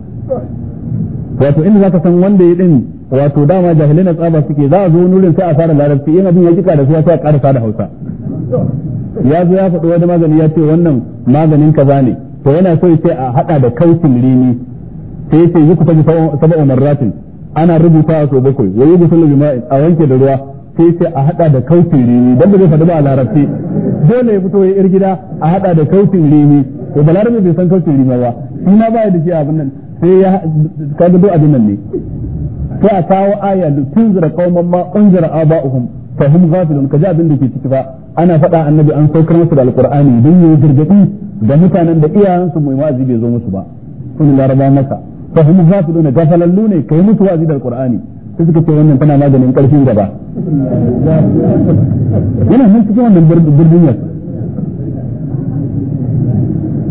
wato inda za ka san wanda ya din wato dama jahilin da tsaba suke za a zo nurin sai a fara larabci in abin ya kika da su sai a karasa da hausa ya zo ya faɗi wani magani ya ce wannan maganin kaza ne to yana so ya ce a haɗa da kautin rini sai yace yi kusa sab'a marratin ana rubuta so bakwai wa yi gusul bi ma'in a wanke da ruwa sai sai a haɗa da kautin rimi don da zai faɗi ba a larabci dole ya fito ya yar gida a haɗa da kautin rimi to balarabe bai san kautin rimi ba shi na ba da shi abin nan sai ya ka ga abin nan ne sai a kawo aya da tunzira qauman ma unzira aba'uhum fa hum ghafilun kaji abin da ke ciki ba ana faɗa annabi an saukar musu da alqur'ani dan yi gargadi ga mutanen da iyayensu mai wazi bai zo musu ba kun laraba masa fa hum ghafiluna gafalallu ne kai mutu wa'azi da qur'ani sai suka ce wannan tana maganin karfin gaba yana nan cikin wannan birnin yau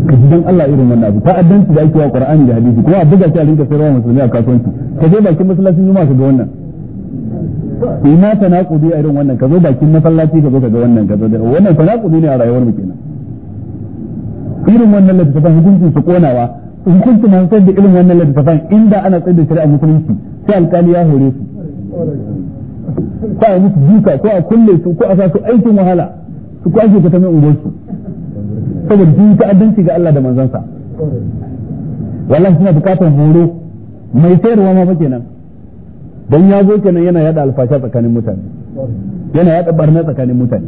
ka ji dan Allah irin wannan abu addanci da ake wa Qur'ani da hadisi kuma a buga shi a rinka sayarwa musulmi a kasuwanci ka je bakin masallacin juma'a ka ga wannan ina tanakudi a irin wannan ka zo bakin masallaci ka zo ka ga wannan ka zo da wannan tanakudi ne a rayuwar mu kenan irin wannan ta hukuncin su konawa hukuncin an sai da irin wannan littafin inda ana tsaye da shari'a musulunci sai alkali ya hore su ko a musu duka ko a kulle su ko a sa su aikin wahala su ko ake kata mai unguwarsu saboda sun ta'addanci ga Allah da manzansa wallahi suna bukatar horo mai sayarwa ma fa kenan dan ya zo kenan yana yada alfasha tsakanin mutane yana yada barna tsakanin mutane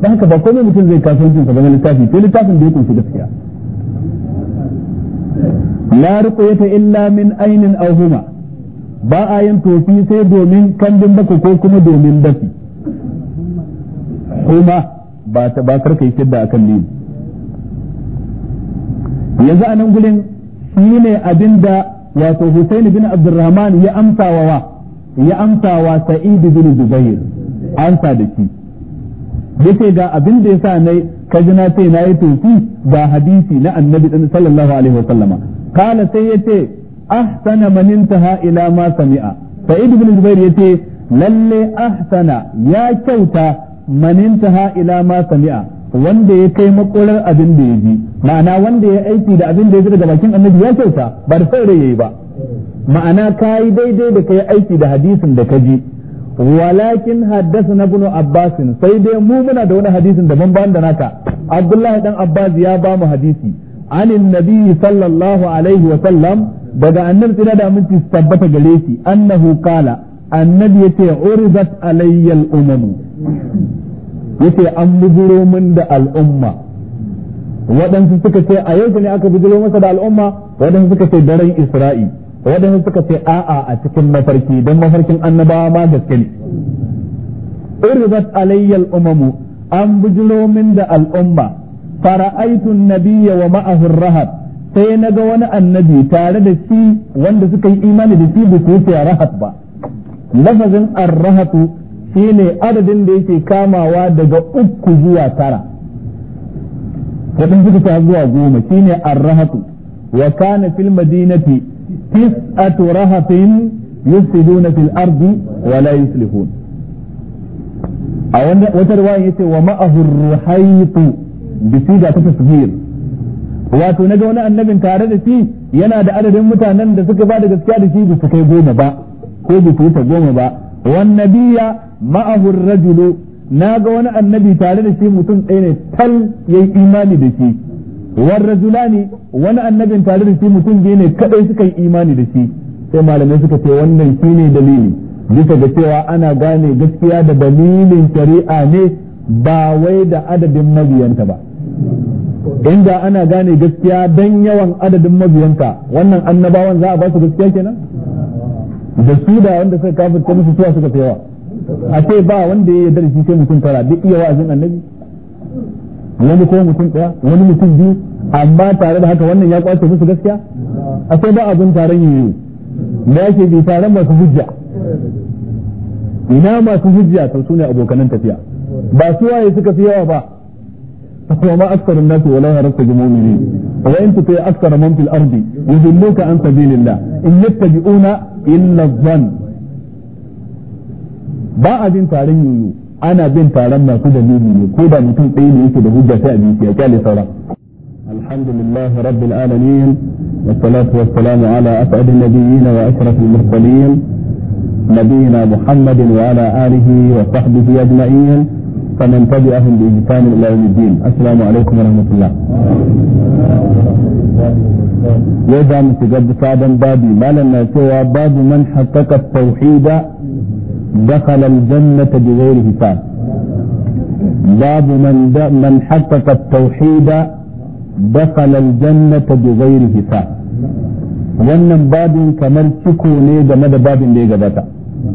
dan haka ba komai mutum zai kasuwancin sa ba littafi sai littafin da ya kunshi gaskiya ya ruqyata illa min ainin aw huma ba a yin tofi sai domin kandin baka ko kuma domin dafi huma ba ta ba karka yi shidda akan ne yanzu a nan gurin shi ne da wato Husain bin Abdurrahman ya amsawa ya amsawa Sa'id bin Zubair amsa da shi yace ga abin da yasa nai ji na ce na yi tofi ga hadisi na annabi dan sallallahu alaihi wa sallama kana sai yace ahsana man intaha ila ma sami'a sa'id ibn zubair yace lalle ahsana ya kyauta man intaha ila ma sami'a wanda ya kai makolar abin da ya ji ma'ana wanda ya aiki da abin da ya ji daga bakin annabi ya kyauta ba da sai yi ba ma'ana kai daidai da kai aiki da hadisin da ka ji walakin na ibn abbas sai dai mu muna da wani hadisin da ban da naka abdullahi dan abbas ya bamu mu hadisi anin nabi sallallahu alaihi wa sallam daga annabi tsira da aminci tabbata gare shi annahu qala annabi yace uridat alayya al-umam yace an bujuro da al'umma waɗansu suka ce a yau ne aka bujuro masa da al'umma waɗansu suka ce daren isra'i waɗanda suka ce a'a a cikin mafarki don mafarkin annabawa ma gaske ne uribat alayyal umamu an bujiro min da al'umma fara'aitu nabiyya wa ma'ahu rahab sai na ga wani annabi tare da shi wanda suka yi imani da shi bisu wuce rahab ba lafazin arrahatu shine adadin da yake kamawa daga uku zuwa tara wadanda suka zuwa goma shine al-rahatu wa kana fil madinati تسعة رهط يفسدون في الأرض ولا يصلحون أو وترواية ومأه الرحيط بسيجة تصغير wato na ga wani annabin tare da shi yana da adadin mutanen da suka ba da gaskiya da shi su kai goma ba ko ba su wuce goma ba wan nabiya ma'ahu na ga wani annabi tare da shi mutum ɗaya ne tal yayi imani da shi war rajulani wani annabin tare da shi mutum biyu ne kadai suka yi imani da shi sai malamai suka ce wannan shine dalili bisa ga cewa ana gane gaskiya da dalilin shari'a ne ba wai da adadin mabiyanta ba inda ana gane gaskiya dan yawan adadin mabiyanta wannan annabawan za a ba su gaskiya kenan da su da wanda suka kafirta musu suwa suka fi yawa a ce ba wanda ya yi da shi sai mutum tara duk iya wa'azin annabi wani ko mutum ɗaya wani mutum biyu amma tare da haka wannan ya kwace musu gaskiya akwai ba abin taron yiwu da yake bi taron masu hujja ina masu hujja to sune abokanan tafiya ba su waye suka fi yawa ba kuma ma aksarun nasu walau rasta ga mu'minin wa in tuti aksara man fil ardi yudilluka an sabilillah in yattabi'una illa dhann ba abin taron yiwu ana bin taron masu dalili ne ko da mutum ɗaya ne yake da hujja sai a bi ya kyale sauran الحمد لله رب العالمين والصلاة والسلام على أسعد النبيين وأشرف المرسلين نبينا محمد وعلى آله وصحبه أجمعين فمن تبعهم بإحسان إلى يوم الدين السلام عليكم ورحمة الله يجعل مستجد سعدا بابي ما لنا سوى باب من حقق التوحيد دخل الجنة بغير حساب باب من من حقق التوحيد دخل الجنة بغير حساب wannan babin kamar ciko ne game da babin da ya gabata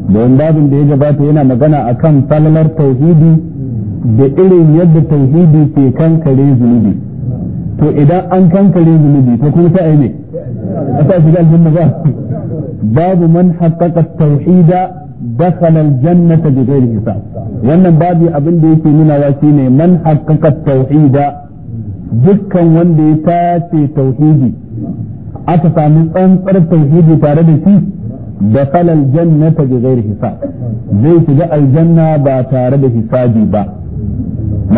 don babin da ya gabata yana magana akan falalar tauhidi da irin yadda tauhidi ke kankare zunubi to idan an kankare zunubi to kuma sai ai ne a sa shiga aljanna ba babu man haqqaqa tauhida dakhala aljannata bighairi hisab wannan babu abin da yake nuna wa shine man haqqaqa tauhida dukkan wanda ya tace tauhidi aka sami tsantsar tauhidi tare da shi dakhala aljannata bighairi hisab zai shiga aljanna ba tare da hisabi ba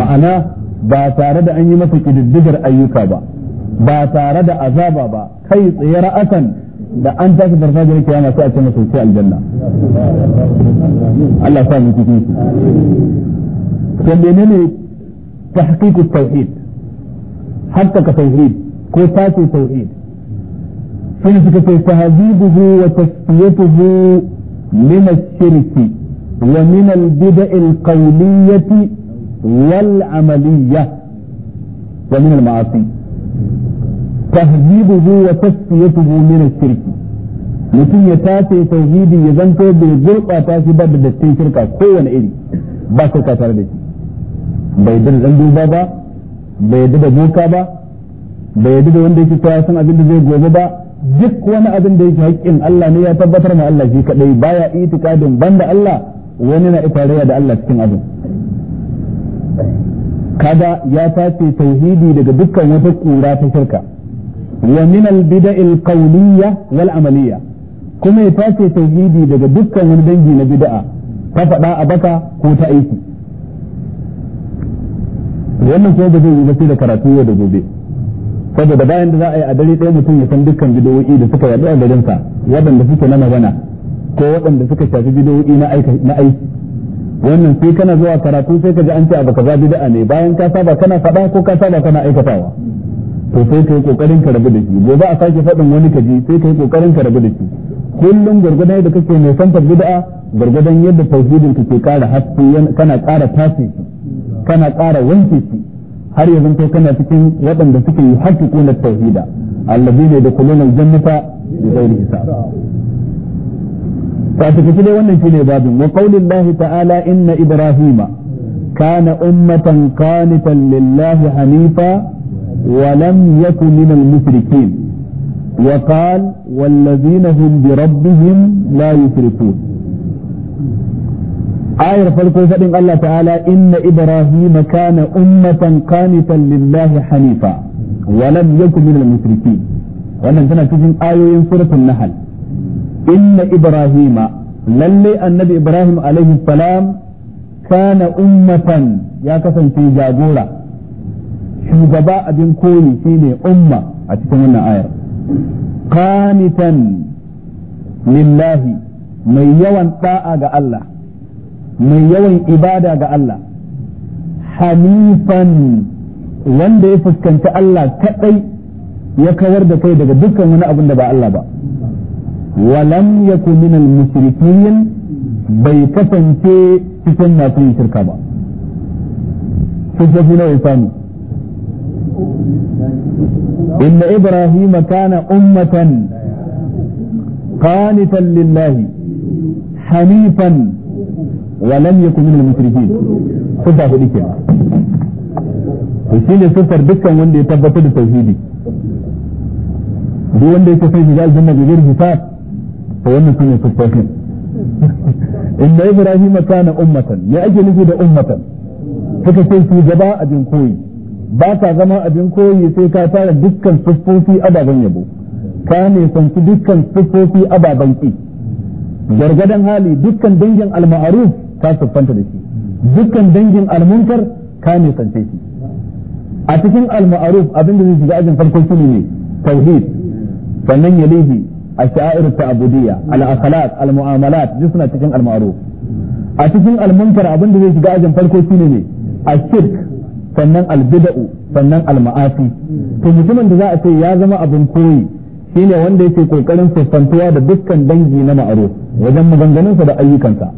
ma'ana ba tare da an yi masa ƙididdigar ayyuka ba ba tare da azaba ba kai tsaye akan. da an tashi farfajiyar kiyama sai a ce masa sai aljanna Allah sa mu cikin su to menene tahqiqu tauhid hatta ka tauhid ko tace tauhid sun suka ce tahdibuhu wa tasfiyatuhu min ash-shirki wa min al-bid'a al-qawliyyah wal-amaliyyah wa min al-ma'asi tahzibuhu wa tasfiyatuhu min ash-shirk mutum ya tace tauhidi ya zanto bai gurbata shi ba da dattin shirka kowane iri ba shirka tare da shi bai da dan duba ba bai da da boka ba bai da da wanda yake koya san abin da zai gobe ba duk wani abin da yake haƙƙin Allah ne ya tabbatar ma Allah shi kadai baya itikadin banda Allah wani na ifaraya da Allah cikin abin kada ya tace tauhidi daga dukkan wata kura ta shirka wa min al-bida' al-qawliyya wal amaliyya kuma ya tace tauhidi daga dukkan wani dangi na bid'a ta faɗa a baka ko ta aiki wannan kuma zai yi ba da karatu yau da gobe saboda bayan da za a yi a dare ɗaya mutum ya san dukkan bidowoyi da suka yaɗu a garinsa waɗanda suke na magana ko waɗanda suka shafi bidowoyi na aiki wannan sai kana zuwa karatu sai ka ji an ce abu kaza bid'a ne bayan ka saba kana faɗa ko ka saba kana aikatawa to sai kai kokarin ka rabu da shi gobe a sake faɗin wani kaji sai kai kokarin ka rabu da shi kullum gurgudan yadda kake mai sanfar bid'a gurgudan yadda tauhidin ka ke kara haske kana kara tasi kana kara wanke shi har yanzu kai kana cikin waɗanda suke yi ko na tauhida allazina da kullun jannata bi ghairi hisab ta cikin dai wannan shine babin wa qaulillahi ta'ala inna ibrahima kana ummatan qanitan lillahi hanifa ولم يكن من المشركين وقال والذين هم بربهم لا يشركون آية فلقوا فإن الله تعالى إن إبراهيم كان أمة قانتا لله حنيفا ولم يكن من المشركين وأنا كان تجن آية سورة النحل إن إبراهيم للي النبي إبراهيم عليه السلام كان أمة يا في جابوره shugaba abin koyi shine umma a cikin wannan ayar qanitan lillahi mai yawan da'a ga Allah mai yawan ibada ga Allah hanifan wanda ya fuskanci Allah kadai ya kawar da kai daga dukkan wani abin da ba Allah ba walam yakun al mushrikin bai kasance cikin masu shirka ba sun shafi nawa ya إن إبراهيم كان أمة قانتا لله حنيفا ولم يكن من المشركين خذها في ذكر وشيل السفر بكا وين دي تبقى في التوحيد دي وين دي تفهم في ذلك جنة غير حساب فوين نكون في إن إبراهيم كان أمة يا أجل نجد أمة فكتبت في جباء أجل قوي ba ta zama abin koyi sai ka fara dukkan siffofi ababen yabo ka ne sanci dukkan siffofi ababen ki gargadan hali dukkan dangin al-ma'ruf ka siffanta da shi dukkan dangin al-munkar ka ne sanci shi a cikin al-ma'ruf abin da zai shiga ajin farko shi ne tauhid sannan ya lihi الشعائر التعبدية الأخلاق المعاملات جسنا تكن المعروف أتكن المنكر أبن دي جاجن فالكو سيني الشرك sannan albida'u sannan alma'afi to mutumin da za a ce ya zama abin koyi shine wanda yake kokarin fuskantuwa da dukkan dangi na ma'aro wajen maganganunsa da ayyukansa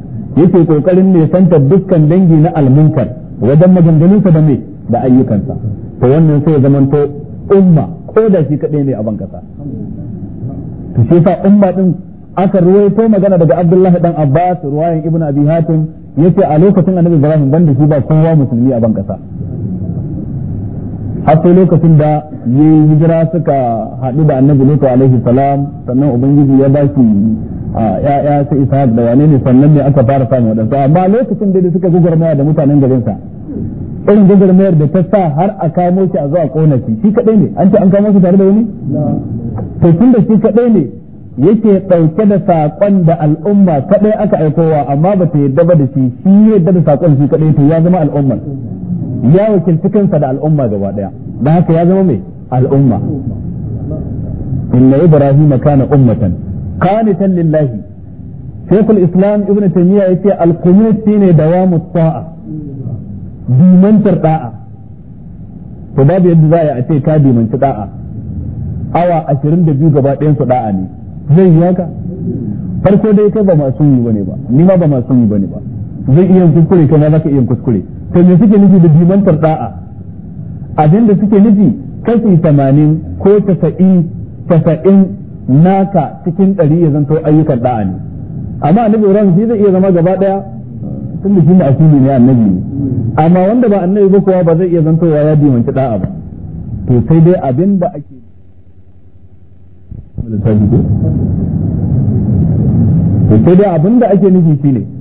yake kokarin ne santa dukkan dangi na almunkar wajen maganganunsa da me da ayyukansa to wannan sai ya zamanto umma ko da shi kaɗai ne a bankasa to shi yasa umma din aka ruwaito magana daga Abdullahi dan Abbas ruwayan Ibn Abi Hatim yace a lokacin Annabi Ibrahim banda shi ba kowa musulmi a bankasa har sai lokacin da ya yi hijira suka haɗu da annabi Lutu alaihi salam sannan ubangiji ya ba shi ya'ya sai isa da wane ne sannan ne aka fara samun wadansa amma lokacin da suka gugarmaya da mutanen sa irin gugarmayar da ta sa har a kamo shi a zuwa kona shi shi kaɗai ne an ce an kamo shi tare da wani to tun da shi kaɗai ne yake ɗauke da saƙon da al'umma kaɗai aka aikowa amma ba ta yadda ba da shi shi yadda da saƙon shi kaɗai to ya zama al'ummar ya wakilci kansa da al'umma gaba daya dan haka ya zama mai al'umma inna ibrahima kana ummatan qanitan lillahi shaykhul islam ibnu taymiya yace al-qunut shine dawamu ta'a dimantar da'a to babu yadda za a ce ka dimanci da'a awa 22 gaba ɗayan su da'a ne zai yi haka farko dai kai ba masu yi bane ba ni ma ba masu yi bane ba zai iya kuskure kai ma zaka iya kuskure to me suke nufi da dimantar da'a abin da suke nufi kashi tamanin ko tasa'in tasa'in naka cikin ɗari ya zanto ayyukan da'a ne amma annabi ran shi zai iya zama gaba daya tun da shi ne asili ne annabi ne amma wanda ba annabi ba kowa ba zai iya wa ya dimanci da'a ba to sai dai abin da ake to sai dai abin da ake nufi shine ne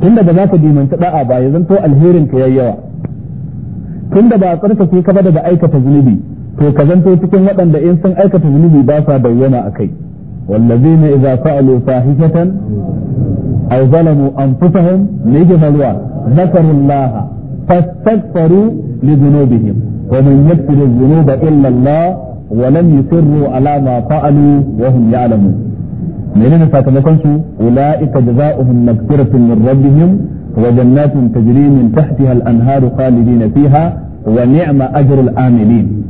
tunda ba ka dimanta da'a ba ya zanto alherin ka yayi yawa tunda ba karfafe ka ba da aikata zunubi to ka zanto cikin waɗanda in sun aikata zunubi ba sa bayyana a kai wallazina idza fa'alu fahishatan aw zalamu anfusahum najmalwa zakarullaha fastaghfiru li dhunubihim wa man yaghfiru dhunuba illa Allah wa lam yusirru ala ma fa'alu wa hum ya'lamun menene sakamakon su ulaika jazaohum maghfiratun min rabbihim wa jannatun tajri min tahtiha al-anharu khalidina fiha wa ni'ma ajrul amilin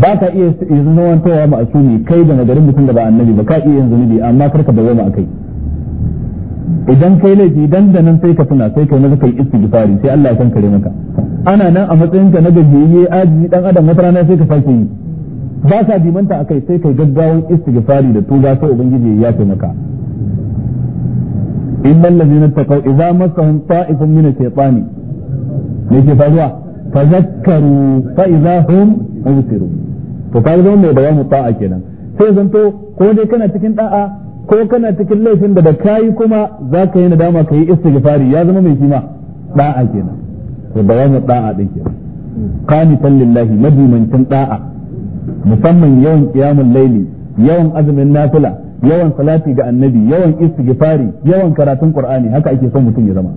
ba ka iya yanzu zamantowa ma'asumi kai da nagarin mutum da ba annabi ba ka iya yin zunubi amma karka dawoma akai idan kai laifi idan da nan sai ka tuna sai kai maza kai istighfari sai Allah ya kankare maka ana nan a matsayin ka na gajiyayye aji dan adam wata rana sai ka sake yi ba sa dimanta akai sai kai gaggawan istighfari da tuba sai ubangiji ya taimaka innal ladina taqaw idza massahum ta'ifun min ash-shaytani ne ke faruwa fazakkaru fa idza hum mubsirun to ka zama mai bayan ta'a kenan sai zanto ko dai kana cikin da'a ko kana cikin laifin da da kayi kuma za ka yi nadama ka yi istighfari ya zama mai kima da'a kenan to bayan ta'a din kenan qanitan lillahi madimantin da'a musamman yawan kiyamun laili yawan azumin nafila yawan salati ga annabi yawan istighfari yawan karatun qur'ani haka ake son mutum ya zama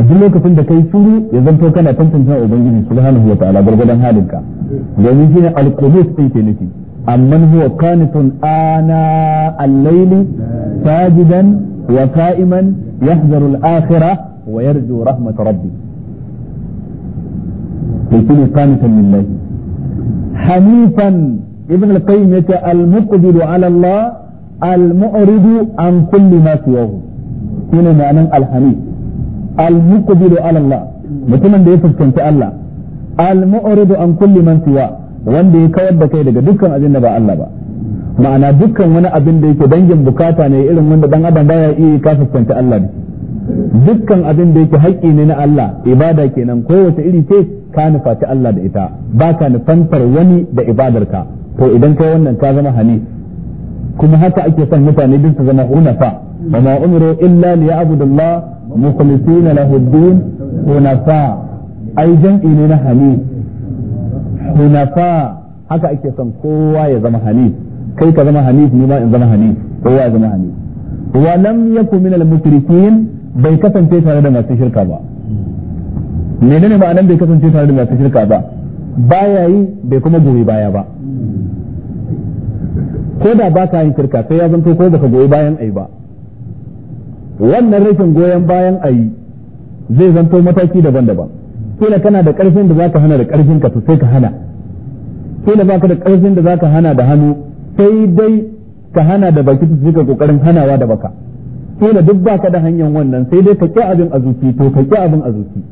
a duk lokacin da kai shiru ya zanto kana tantance ubangiji subhanahu wa ta'ala halin ka domin shine al-qunut din ke nufi amman huwa qanitun ana al-layli sajidan wa qa'iman yahzaru al-akhirah wa yarju rahmat rabbi to shine qanitun lillahi hanifan ibn al-qayyim yace al-muqbilu ala Allah al-mu'ridu an kulli ma siwahu shine ma'anan al al-muqbilu ala Allah mutumin da ya fuskanci Allah al-mu'ridu an kulli man siwa wanda ya kawar da kai daga dukkan abin ba Allah ba ma'ana dukkan wani abin da yake dangin bukata ne irin wanda dan adam baya iya ka fuskanci Allah ne dukkan abin da yake hakki ne na Allah ibada kenan kowace iri ce ka nufaci Allah da ita ba ka nufantar wani da ibadarka to idan kai wannan ka zama hani kuma haka ake son mutane din su zama hunafa wa ma umiru illa li ya'budu Allah mukhlisina lahu ad-din hunafa ai jam'i ne na hani hunafa haka ake son kowa ya zama hani kai ka zama hani ni ma in zama hani kowa ya zama hani wa lam yakun min al-mushrikin bai kasance tare da masu shirka ba menene nan bai kasance tare da masu shirka ba baya yi bai kuma goyi baya ba ko da ba ka yin shirka sai ya zanto ko baka goyi bayan ai ba wannan rashin goyon bayan ai zai zanto mataki daban-daban kila kana da karfin da zaka hana da karfin ka sai ka hana kila baka da karfin da zaka hana da hannu sai dai ka hana da baki su suka kokarin hanawa da baka kila duk baka da hanyar wannan sai dai ka ƙi abin azuki to ka ƙi abin azuki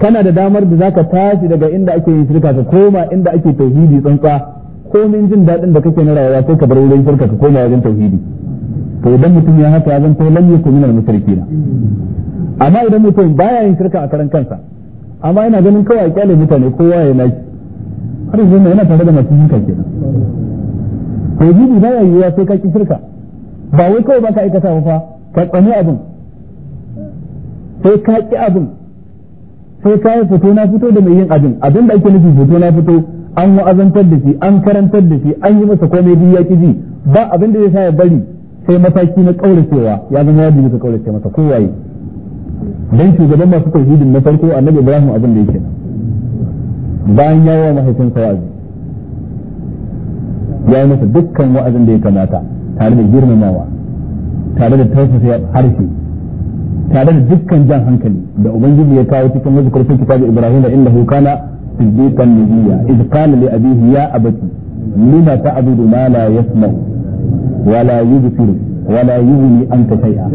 kana da damar da zaka tashi daga inda ake yin shirka ka koma inda ake tauhidi tsantsa komin jin daɗin da kake na rayuwa sai ka bar wurin shirka ka koma wajen tauhidi to idan mutum ya haka zan to lam yakun minal na. amma idan mutum baya yin shirka a karan kansa amma yana ganin kawai kyale mutane kowa ya naki. har yanzu yana tare da masu shirka kenan tauhidi baya yiwuwa sai ka ki shirka ba wai kawai baka aikata ba fa ka tsani abin sai ka ki abin sai ka yi fito na fito da mai yin abin abin da ake nufi fito na fito an wa'azantar da shi an karantar da shi an yi masa komai duk ya ki ji ba abin da zai sa ya bari sai mataki na kauracewa ya zama wajibi ka kaurace masa ko waye dan shugaban masu tauhidin na farko annabi Ibrahim abin da yake bayan ya yi mahaifinsa sawazi ya yi masa dukkan wa'azin da ya kamata tare da girmamawa tare da tausasa harshe tare da dukkan jan hankali da ubangiji ya kawo cikin mazikar kifar da ibrahim da innahu kana siddiqan nabiyya iz kana li abihi ya abati lima ta'budu ma la yasma'u wa la yubsiru wa la yughni anka shay'a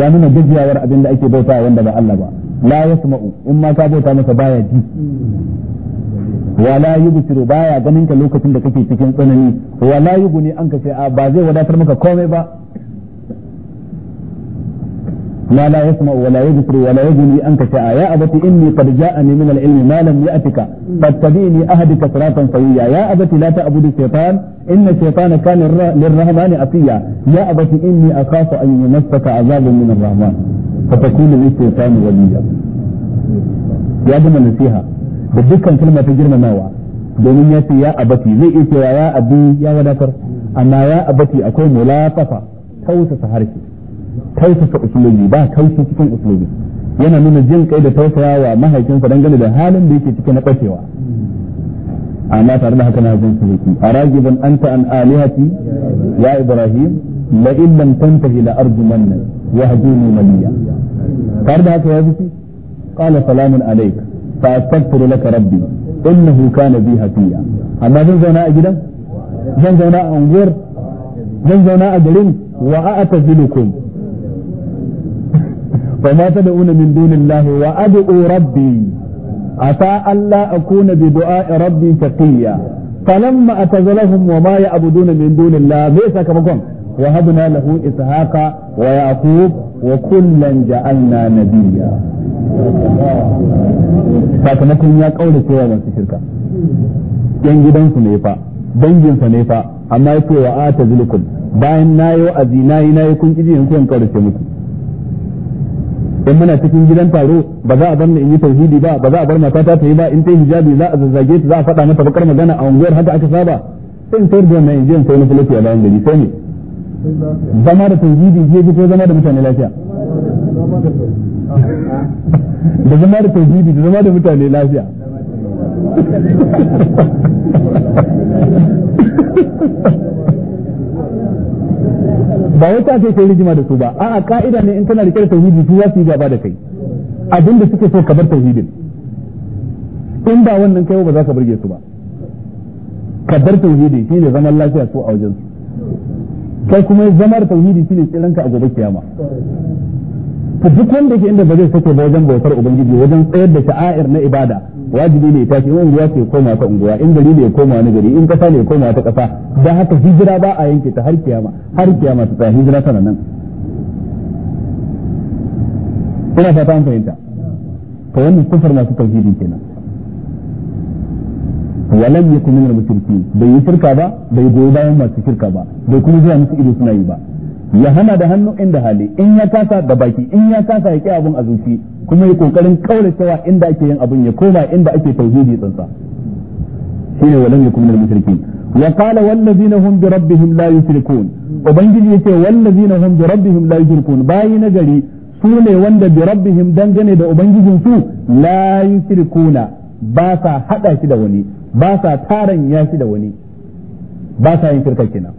ya nuna gajiyawar abin da ake bauta wanda ba Allah ba la yasma'u in ma ka bauta masa baya ji wa la yubsiru baya ganin ka lokacin da kake cikin tsanani wa la yughni anka shay'a ba zai wadatar maka komai ba ما لا يسمع ولا يذكر ولا يجني أن شاء يا أبت إني قد جاءني من العلم ما لم يأتك فاتبعني أهدك صراطا سويا يا أبت لا تعبد الشيطان إن الشيطان كان للرحمن أتيا يا أبت إني أخاف أن يمسك عذاب من الرحمن فتكون للشيطان وليا يا ابن النصيحة بدكم كلمة تجرم جرم نوع domin ya ce ya abati zai iya cewa ya abu ya wadatar amma ya abati akwai mulafafa harshe tausasa usulubi ba kauci cikin usulubi yana nuna jin kai da tausaya wa mahaifinsa dangane da halin da yake cike na kwacewa amma tare da haka na zan sulki a ragiban an ta'an alihati ya ibrahim la in lam tantahi la arjumanna wahdini maliya tare da haka ya zuci qala salamun alayk fa astaghfiru laka rabbi innahu kana bi hafiya amma zan zauna a gidan zan zauna a unguwar zan zauna a garin wa a'tazilukum fa ma tad'una min dunillahi wa ad'u rabbi asa alla akuna bi a rabbi taqiya falamma atazalahum wa ma ya'buduna min dunillahi bai sakamakon wa habna lahu ishaqa wa yaqub wa kullan sakamakon ya kaura cewa masu shirka yan gidansu ne fa danginsa ne fa amma ya ce wa ata zulukum bayan na yi wa'azi na yi na yi kun kiji yanzu yan ce muku in muna cikin gidan taro ba za a bar ni in yi tauhidi ba ba za a bar matata ta yi ba in ta yi hijabi za a zazzage ta za a faɗa mata bakar magana a unguwar haka aka saba sai in tayar da wannan injin sai na filafi a bayan gari sai ne zama da tauhidi je ko zama da mutane lafiya da zama da tauhidi da zama da mutane lafiya ba wai ta ce kai da su ba a ka'ida ne in kana rike da tauhidi su za su yi gaba da kai abin da suke so ka bar tauhidin in ba wannan kai ba za ka burge su ba ka bar tauhidi shine zaman lafiya ko a wajen kai kuma zamar tauhidi shine tsiranka a gobe kiyama to duk wanda ke inda ba zai sake ba wajen bautar ubangiji wajen tsayar da sha'air na ibada wajibi ne tashi in unguwa ce koma ta unguwa in gari ne koma na gari in kasa ne koma ta kasa dan haka hijira ba a yanke ta har kiyama har kiyama ta ta hijira tana nan ina fata an fahimta to wannan kufar masu tauhidi kenan walam yakun min al-mushrikeen bai yi shirka ba bai goyi bayan masu shirka ba bai kuma zuwa musu ido suna yi ba ya hana da hannu inda hali in ya kasa da baki in ya kasa ya ki abun a zuci kuma ya kokarin kaura cewa inda ake yin abun ya koma inda ake tauhidi tsantsa shine walam yakun minal mushrikin wa qala wallazina hum bi rabbihim la yushrikun ubangiji yace wallazina hum bi rabbihim la yushrikun bayi na su ne wanda bi rabbihim dangane da ubangijin su la yushrikuna ba sa hada shi da wani ba sa taran ya shi da wani ba sa yin shirka kenan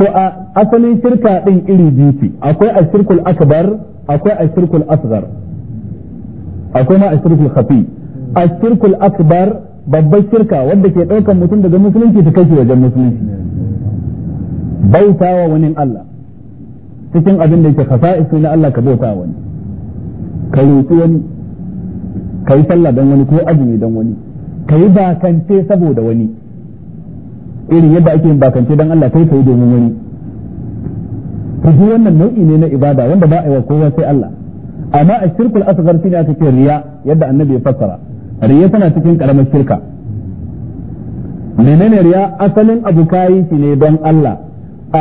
to a asalin shirka din iri biyu ce akwai ashirkul akbar akwai ashirkul asghar akwai ma ashirkul khafi ashirkul akbar babbar shirka wanda ke daukan mutum daga musulunci ta kai wajen musulunci bautawa wani Allah cikin abin da yake khasa'is na Allah ka bauta wani ka roƙi wani ka yi sallah dan wani ko azumi dan wani ka yi bakance saboda wani irin yadda ake yin bakance dan Allah kai kai domin wani to shi wannan nau'i ne na ibada wanda ba a yi wa kowa sai Allah amma a shirkul asghar shine aka ce riya yadda annabi ya fassara riya tana cikin karamar shirka menene riya asalin abu kai shi ne don Allah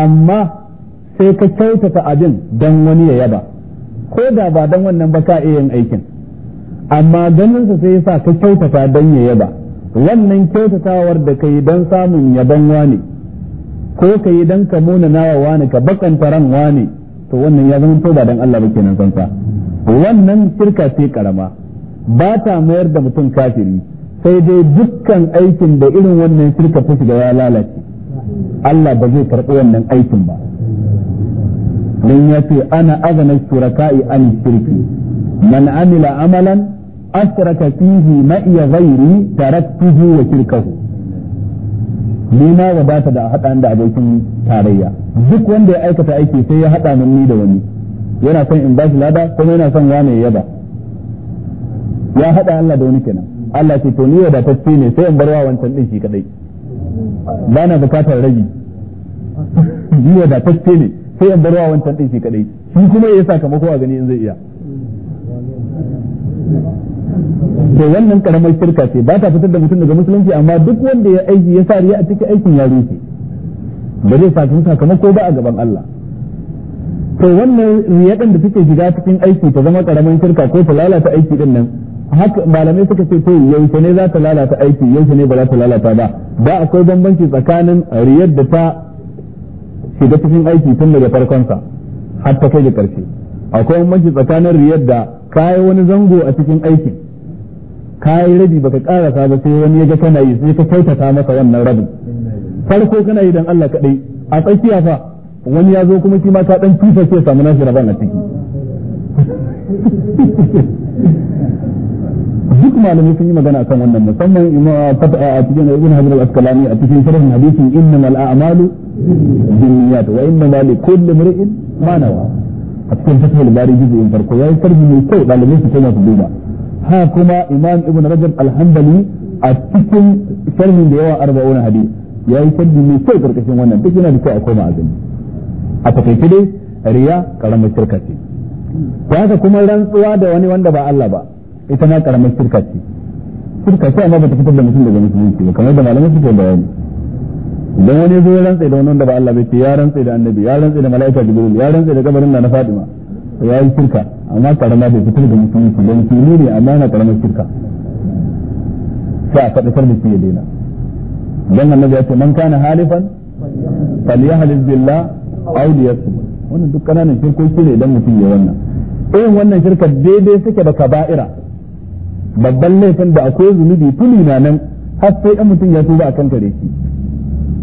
amma sai ka kyautata abin dan wani ya yaba ko da ba dan wannan ba ka iya yin aikin amma ganin sa sai sa ka kyautata dan ya yaba wannan kyautatawar da ka yi don samun yabon wani ko yi don ka muna nawa wani ka bakanta ran wani to wannan ya zama to ba dan Allah ba nan wannan shirka ce karama ba ta mayar da mutum kafiri sai dai dukkan aikin da irin wannan shirka ta shiga ya lalace Allah ba zai karɓi wannan aikin ba dan ya ce ana azanar shuraka'i an shirki man amila amalan asraka فيه مأي iya تركته وشركه لما وبات ni na عند da تاريا da abokin tarayya duk wanda ya aikata aiki sai ya hada min da wani yana son in bashi lada kuma yana son wane yaba ya hada Allah da wani kenan Allah ce to ni wadatacce ne sai in wancan ɗin shi rabi ni ne sai in wancan ɗin shi kadai shi kuma ya sakamako a gani in zai iya to wannan karamar shirka ce ba ta fitar da mutum daga musulunci amma duk wanda ya aiki ya fariya a cikin aikin ya rufe ba zai kama sakamako ba a gaban Allah to wannan riyadan da suke shiga cikin aiki ta zama karamar shirka ko ta lalata aiki din nan haka malamai suka ce to yaushe ne za ta lalata aiki yaushe ne ba za ta lalata ba ba akwai bambanci tsakanin riyar da ta shiga cikin aiki tun daga farkonsa har ta kai da karshe akwai bambanci tsakanin riyar da kayi wani zango a cikin aikin ka yi rabi baka karasa ba sai wani ya ga kana yi sai ka kyautata masa wannan rabin farko kana yi dan Allah kadai a tsakiya fa wani ya zo kuma shi ma ka dan tufa sai samu nashi rabon a ciki duk malamai sun yi magana kan wannan musamman a cikin ibn hajar al-asqalani a cikin sharhin hadisin innamal a'malu binniyat wa innamal likulli imrin ma nawa a cikin fatihul bari juz'in farko yayi sharhi mai kyau dalibai su koma su duba ha kuma imam ibn rajab al a cikin sharhin da yawa arba'un Ya yi sharhi mai kyau karkashin wannan duk yana da kyau a koma a gani a takaice dai riya karamar shirka ce haka kuma rantsuwa da wani wanda ba Allah ba ita ma karamar shirka ce shirka ce amma ba ta fitar da mutum daga musulunci ba kamar da malamai suke bayani idan wani ya zo ya rantsa da wani wanda ba Allah bai ce ya rantsa da annabi ya rantsa da mala'ika jibril ya rantsa da kabarin na fadima ya yi shirka amma karama bai fitar da musulunci don fili ne amma yana karamar shirka sai a faɗi da shi ya daina don annabi ya ce man kana halifan falyahlif billah aw liyasmut wannan duk kananan shirkoki ne idan mutum ya wannan irin wannan shirka daidai suke da kaba'ira babban laifin da akwai zunubi tuni na nan har sai dan mutum ya tuba akan kare shi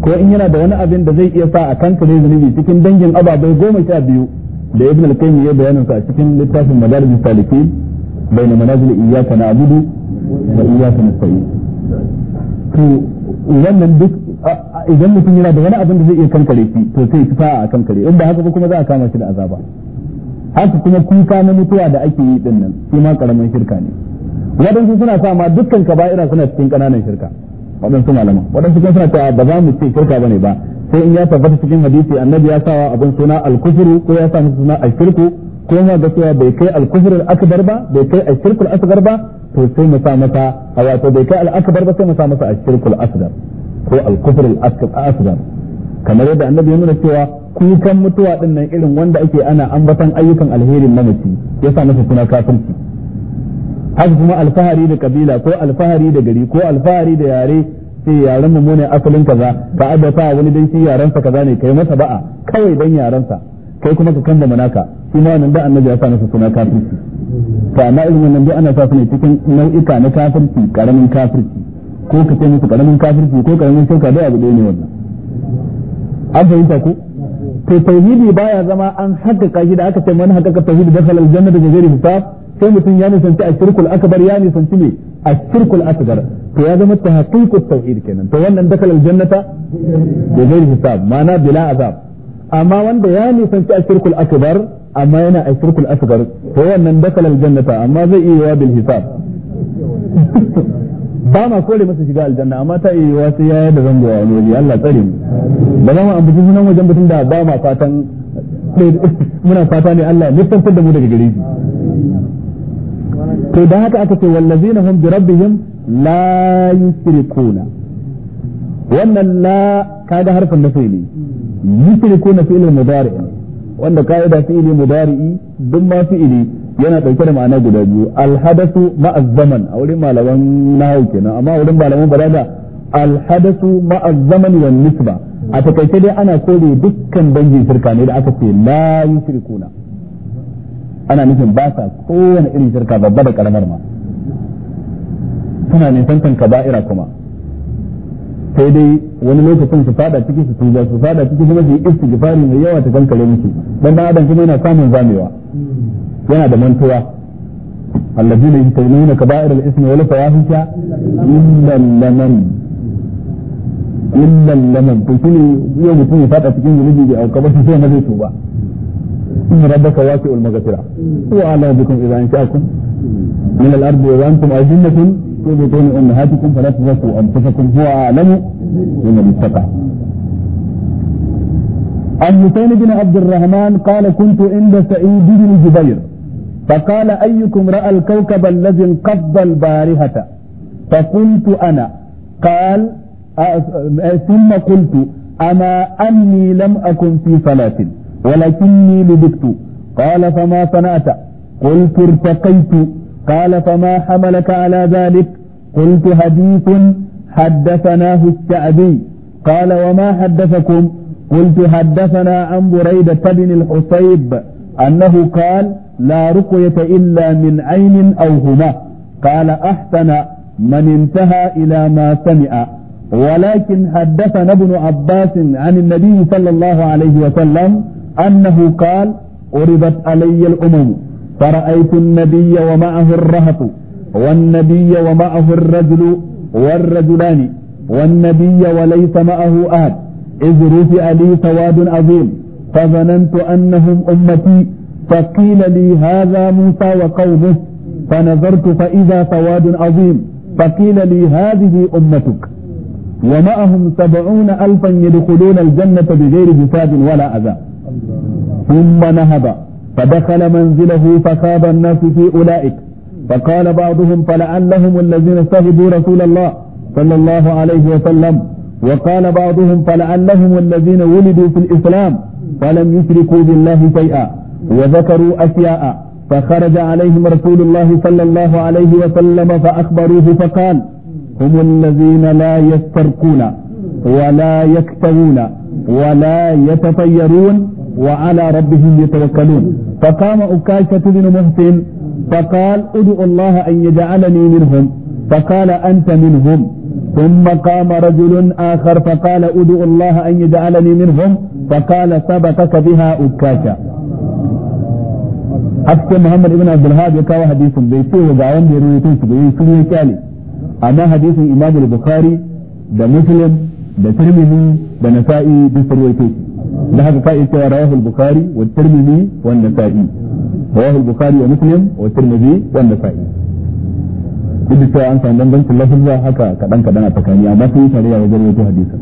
ko in yana da wani abin da zai iya sa a kankare zunubi cikin dangin ababai goma sha biyu da ibn al-qayyim ya bayanin sa a cikin littafin madarij salikin bayna manazil iyyaka na'budu wa iyyaka nasta'in to wannan duk idan mutum yana da wani abin da zai iya kankare shi to sai ya fa'a a kankare in ba haka ba kuma za a kama shi da azaba haka kuma kuka na mutuwa da ake yi din nan shi ma karamin shirka ne wadansu suna sa ma dukkan kaba'ira suna cikin kananan shirka wadansu malaman wadansu kuma suna cewa ba za mu ce shirka bane ba sai in ya tabbata cikin hadisi annabi ya sawa abin suna al-kufru ko ya sa masa suna al-shirku ko ma ga cewa bai kai al-kufru al-akbar ba bai kai al-shirku al-asghar ba to sai mu sa masa a wato bai kai al-akbar ba sai mu sa masa al-shirku al-asghar ko al-kufru al-asghar kamar yadda annabi ya nuna cewa kukan mutuwa din nan irin wanda ake ana ambatan ayyukan alherin mamaci ya sa masa suna kafirci haka kuma alfahari da kabila ko alfahari da gari ko alfahari da yare ce yaren mu ne asalin kaza da addafa wani dan shi yaren sa kaza ne kai masa ba'a kawai dan yaren sa kai kuma ka kanda manaka shi ma nan da annabi ya sa masa suna kafirci fa na ilmin nan ana sa su ne cikin nau'ika na kafirci karamin kafirci ko ka ce musu karamin kafirci ko karamin shirka da abu ɗaya ne wannan an fahimta ko to tauhidi baya zama an haƙƙaƙa shi da aka ce man haƙƙaƙa tauhidi dakhala aljanna da jari hisab sai mutum ya nisanci a shirkul akbar ya nisanci ne الشرك الأصغر فهذا ما تحقيق التوحيد كنا فوان أن دخل ya بغير حساب معناه بلا عذاب أما وان بياني سنتي الشرك الأكبر أما أنا الشرك الأصغر فوان أن دخل الجنة أما زي إيوا بالحساب ba ma kore masa shiga aljanna amma ta yi wasu yaya da zango a waje Allah tsare mu ba za mu ambaci sunan wajen mutum da ba ma fatan muna fata ne Allah ya nisantar da mu daga gare shi to da haka aka ce wallazina hum bi rabbihim la yushrikuna wannan la kaga harfin na fi'li yushrikuna fi'lul mudari wanda kaida fi'li mudari duk ma fi'li yana dauke da ma'ana guda biyu al hadathu ma'a zaman a wurin malaman nahwu kenan amma a wurin malaman balaga al hadathu ma'a zaman wan nisba a takaice dai ana kore dukkan dangin shirka ne da aka ce la yushrikuna ana nufin ba sa kowane irin shirka babba da karamar ma suna nisantan kaba'ira kuma sai dai wani lokacin su fada ciki su tuja su fada ciki kuma su yi istighfari mai yawa ta kankare miki dan dan adam kuma yana samun zamewa yana da mantuwa ne, الذين يجتنبون كبائر الاسم والفواحش إلا اللمم إلا اللمم to shine yau mutum ya fada cikin zunubi bai auka ba sai na zai tuba إن ربك واسع المغفرة هو أعلم بكم إذا أنشأكم من الأرض وأنتم أجنة في بطون أمهاتكم فلا تزكوا أنفسكم هو أعلم بمن اتقى عن حسين بن عبد الرحمن قال كنت عند سعيد بن جبير فقال أيكم رأى الكوكب الذي انقض البارهة فقلت أنا قال ثم قلت أما أني لم أكن في صلاة ولكني لبكت قال فما صنعت قلت ارتقيت قال فما حملك على ذلك قلت حديث حدثناه الشعبي قال وما حدثكم قلت حدثنا عن بريدة بن الحصيب أنه قال لا رقية إلا من عين أو هما قال أحسن من انتهى إلى ما سمع ولكن حدثنا ابن عباس عن النبي صلى الله عليه وسلم أنه قال قربت علي الأمم فرأيت النبي ومعه الرهط والنبي ومعه الرجل والرجلان والنبي وليس معه أحد إذ رفع لي سواد عظيم فظننت أنهم أمتي فقيل لي هذا موسى وقومه فنظرت فإذا سواد عظيم فقيل لي هذه أمتك ومعهم سبعون ألفا يدخلون الجنة بغير حساب ولا عذاب ثم نهب فدخل منزله فخاب الناس في أولئك فقال بعضهم فلعلهم الذين استهدوا رسول الله صلى الله عليه وسلم وقال بعضهم فلعلهم الذين ولدوا في الإسلام فلم يشركوا بالله شيئا وذكروا أشياء فخرج عليهم رسول الله صلى الله عليه وسلم فأخبروه فقال هم الذين لا يسترقون ولا يكتوون ولا يتطيرون وعلى ربهم يتوكلون فقام أكاشة بن محسن فقال ادعو الله أن يجعلني منهم فقال أنت منهم ثم قام رجل آخر فقال ادعو الله أن يجعلني منهم فقال سبقك بها أكاشة حتى محمد بن عبد الهاد يكاوى حديث بيتي وقاوان بيرويتون سبيل سبيل كالي أما حديث الإمام البخاري ده مسلم ده ترمذي ده نسائي ده سبيل da haka ka iya cewa rawahu al-bukhari wa tirmidhi wa an-nasa'i rawahu al-bukhari wa muslim wa tirmidhi wa an-nasa'i duk da cewa an samu bambancin lafazza haka kadan kadan a tsakani amma sun yi tarayya wajen rawaito hadisin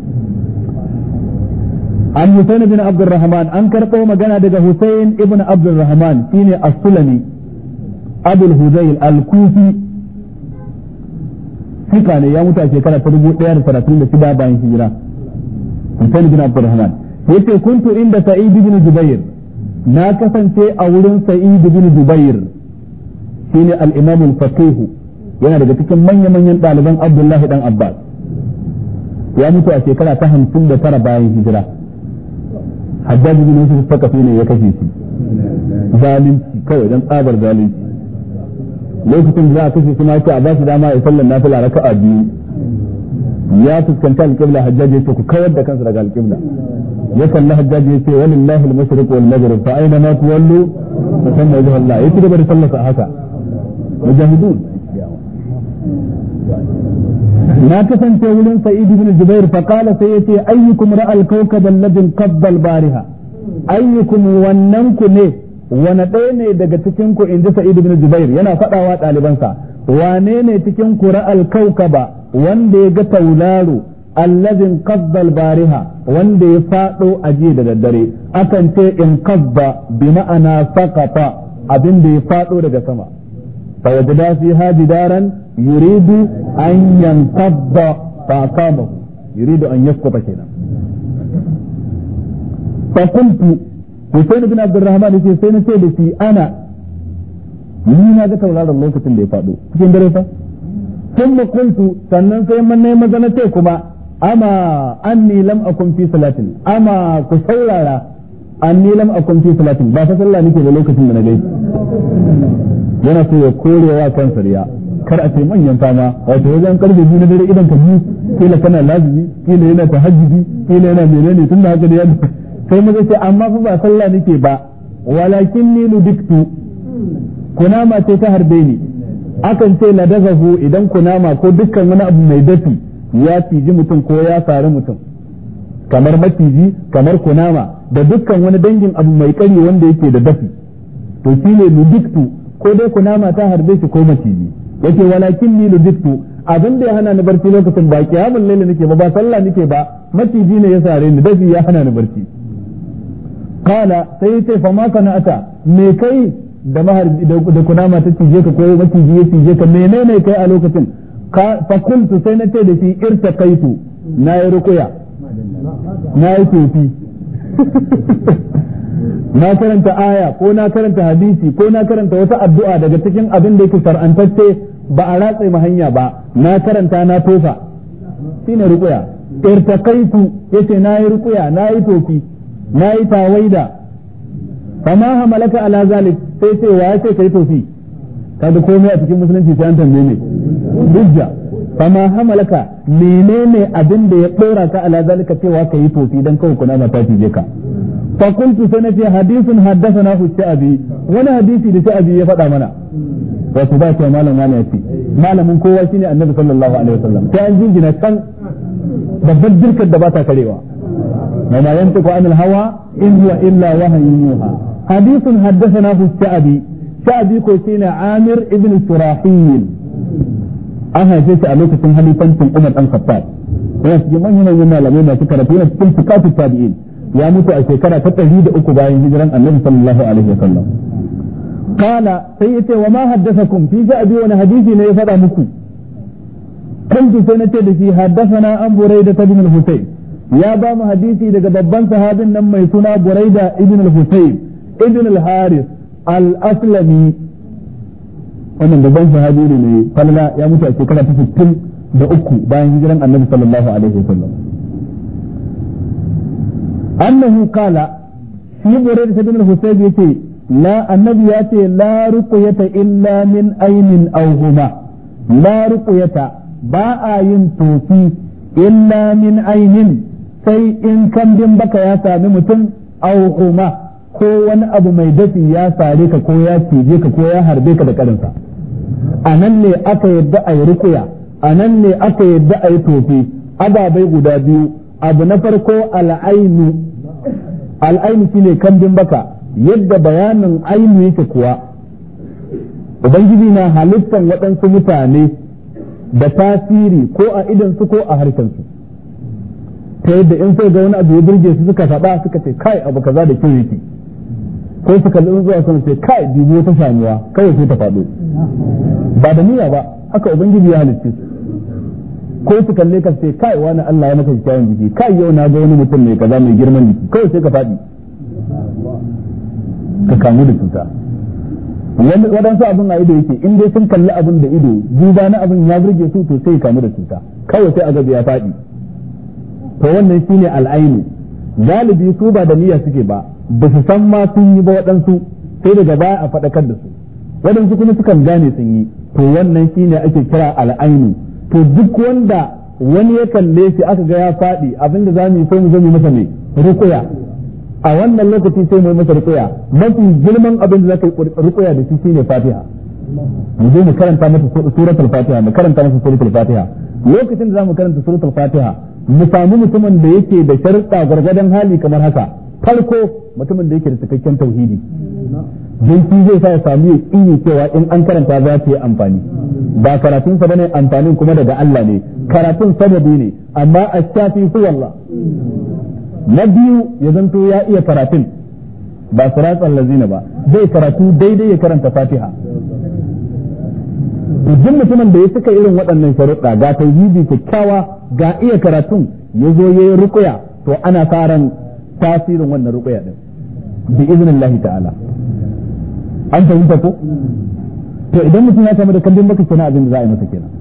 an Husain bin Abdurrahman an karɓo magana daga Husain ibn Abdurrahman shine as-Sulami Abul Hudayl al-Kufi Sika ne ya mutu a shekara ta dubu ɗaya da talatin da shida bayan hijira Husain bin Abdurrahman yace kuntu inda sa'id ibn jubair na kasance a wurin sa'id ibn jubair shine al-imam al-faqih yana daga cikin manyan manyan daliban abdullahi dan abbas ya mutu a shekara ta hamsin da tara bayan hijira hajjaji bin yusuf fakafi ne ya kashe shi zalunci kawai dan tsabar zalunci lokacin da za a kashe shi ma ce a ba shi dama ya sallan nafila raka'a biyu ya fuskanta alƙibla hajjaji ya ce ku kawar da kansa daga alƙibla ya kalli hajjaji ya ce walillahi al-mashriq wal maghrib fa aina ma tuwallu fa thamma wajhu Allah ya cigaba da sallarsa haka mujahidun na kasance wurin sa'id ibn jubair fa qala sai yace ayyukum ra'al kawkab alladhi qabba al-bariha ayyukum wannan ku ne wani ɗaya ne daga cikin ku inji sa'id ibn jubair yana fadawa ɗalibansa wane ne cikin ku ra'al kawkaba wanda ya ga taularo allazin qaddal bariha wanda ya fado aje da daddare akan ce in qadda bi ma'ana saqata abin da ya fado daga sama fa yajda fi hadidaran yuridu an yanqadda fa qama yuridu an yasquta kenan fa qultu Hussein bin Abdurrahman yace sai na ce da shi ana ni na ga tauraron lokacin da ya fado cikin dare fa kuma kuntu sannan sai mun ne magana ce kuma ama anni lam akun fi salatin ama ku saurara anni lam akun fi salatin ba ta sallah nake da lokacin da na gai yana so ya korewa kansa riya kar a ce manyan fama wato wajen karfe biyu na dare idan ka biyu kila kana lazimi kila yana tahajjudi kila yana menene tun da haka da yana sai mu ce amma fa ba sallah nake ba walakin ni ludiktu kunama ce ta harbe ni akan ce na ladazahu idan kunama ko dukkan wani abu mai dafi ya ciji mutum ko ya sare mutum kamar maciji kamar kunama da dukkan wani dangin abu mai kari wanda yake da dafi to shi ne ludiktu ko dai kunama ta harbe shi ko maciji yake walakin ni ludiktu abin da ya hana ni barci lokacin ba kiyamun laila nake ba ba sallah nake ba maciji ne ya sare ni dafi ya hana ni barci kala sai ya ce fa ma me kai da kunama ta cije ka ko maciji ya cije ka menene kai a lokacin fa kuntu sai na ce da shi irta kaitu na yi rukuya na yi tofi na karanta aya ko na karanta hadisi ko na karanta wata addu'a daga cikin abin da yake far'antacce ba a ratse ma hanya ba na karanta na tofa ne rukuya irta kaitu yace na yi rukuya na yi tofi na yi tawaida kama hamalaka ala zalik sai ce wa ya ce kai tofi kada komai a cikin musulunci sai an tambaye ne hujja fama hamalaka menene abin da ya dora ka ala zalika cewa ka yi tofi dan kawai kuna mata cije ka fa kuntu sanati hadithun haddathana hu sha'abi wani hadisi da sha'abi ya faɗa mana wato ba ce malam wani yace malamin kowa shine annabi sallallahu alaihi wasallam sai an jingina kan babbar dirkar da ba ta karewa ma yantiqu anil hawa in huwa illa wahyun yuha hadithun haddathana hu sha'abi سابق سينا عامر ابن سراحيل أنا جيت عليك في هذه فنت عمر بن الخطاب ولكن في من هنا يوم لم يوم سكر في نفس كل فكات التابعين يا موسى السكر فتهيد أكبا ينهجرا النبي صلى الله عليه وسلم قال سيئت وما حدثكم في جأبي وانا حديثي لا يفضى مكو قلت سنتي لكي حدثنا أم بريدة بن الحسين يا بام حديثي لك ببان صحابي نما يسونا بريدة ابن الحسين ابن الحارث al-aslami wannan babban sahabi ne mai falala ya mutu a shekara ta sittin da uku bayan hijiran annabi sallallahu alaihi wasallam annahu qala shi bore da sabbin husayb yace la annabi ya ce la ruqyata illa min aynin aw huma la ruqyata ba a yin tofi illa min aynin sai in kambin baka ya sami mutum aw huma ko wani abu mai dafi ya sare ka ko ya cije ka ko ya harbe ka da karinsa a nan ne aka yadda a yi rukuya a nan ne aka yadda a yi tofi ababai guda biyu abu na farko al'ainu al'ainu shine kambin baka yadda bayanin ainu yake kuwa ubangiji na halittar waɗansu mutane da tasiri ko a idansu ko a harshensu ta yadda in sai ga wani abu ya birge su suka faɗa suka ce kai abu kaza da kyau yake ko su kalli in zuwa sun sai kai dubiyo ta samuwa kawai sai ta faɗo ba da niyya ba haka ubangiji ya halitta ko su kalle ka sai kai wani Allah ya maka kyawun jiki kai yau na ga wani mutum mai kaza mai girman jiki kawai sai ka faɗi ka kamu da cuta sa abin a ido yake in dai sun kalli abin da ido duba na abin ya burge su to sai kamu da cuta kawai sai a gabi ya faɗi to wannan shine al'aini galibi su ba da niyya suke ba ba su san ma sun yi ba waɗansu sai daga baya a faɗakar da su waɗansu kuma sukan gane sun yi to wannan shi ne ake kira al'ainu to duk wanda wani ya kalle shi aka ga ya faɗi abinda za mu yi sai mu zo mu masa ne rukuya a wannan lokaci sai mu masa rukuya mafi girman abin da za ka rukuya da shi shine fatiha mu zo mu karanta masa al fatiha mu karanta masa al fatiha lokacin da za mu karanta al fatiha mu samu mutumin da yake da sharuɗa gargadan hali kamar haka farko mutumin da yake da cikakken tauhidi don zai sa ya samu ya cewa in an karanta za su yi amfani ba karatun sa bane amfanin kuma daga Allah ne karatun sababi ne amma ashafi su Allah na biyu ya zanto ya iya karatun ba siratan lazina ba zai karatu daidai ya karanta fatiha duk mutumin da ya suka irin waɗannan sharuɗa ga tauhidi kyakkyawa ga iya karatun ya zo ya yi rukuya to ana sa ran tasirin wannan ruqya din bi iznillahi ta'ala an fahimta ko to idan mutum ya samu da kambin baka kenan abin da za a yi masa kenan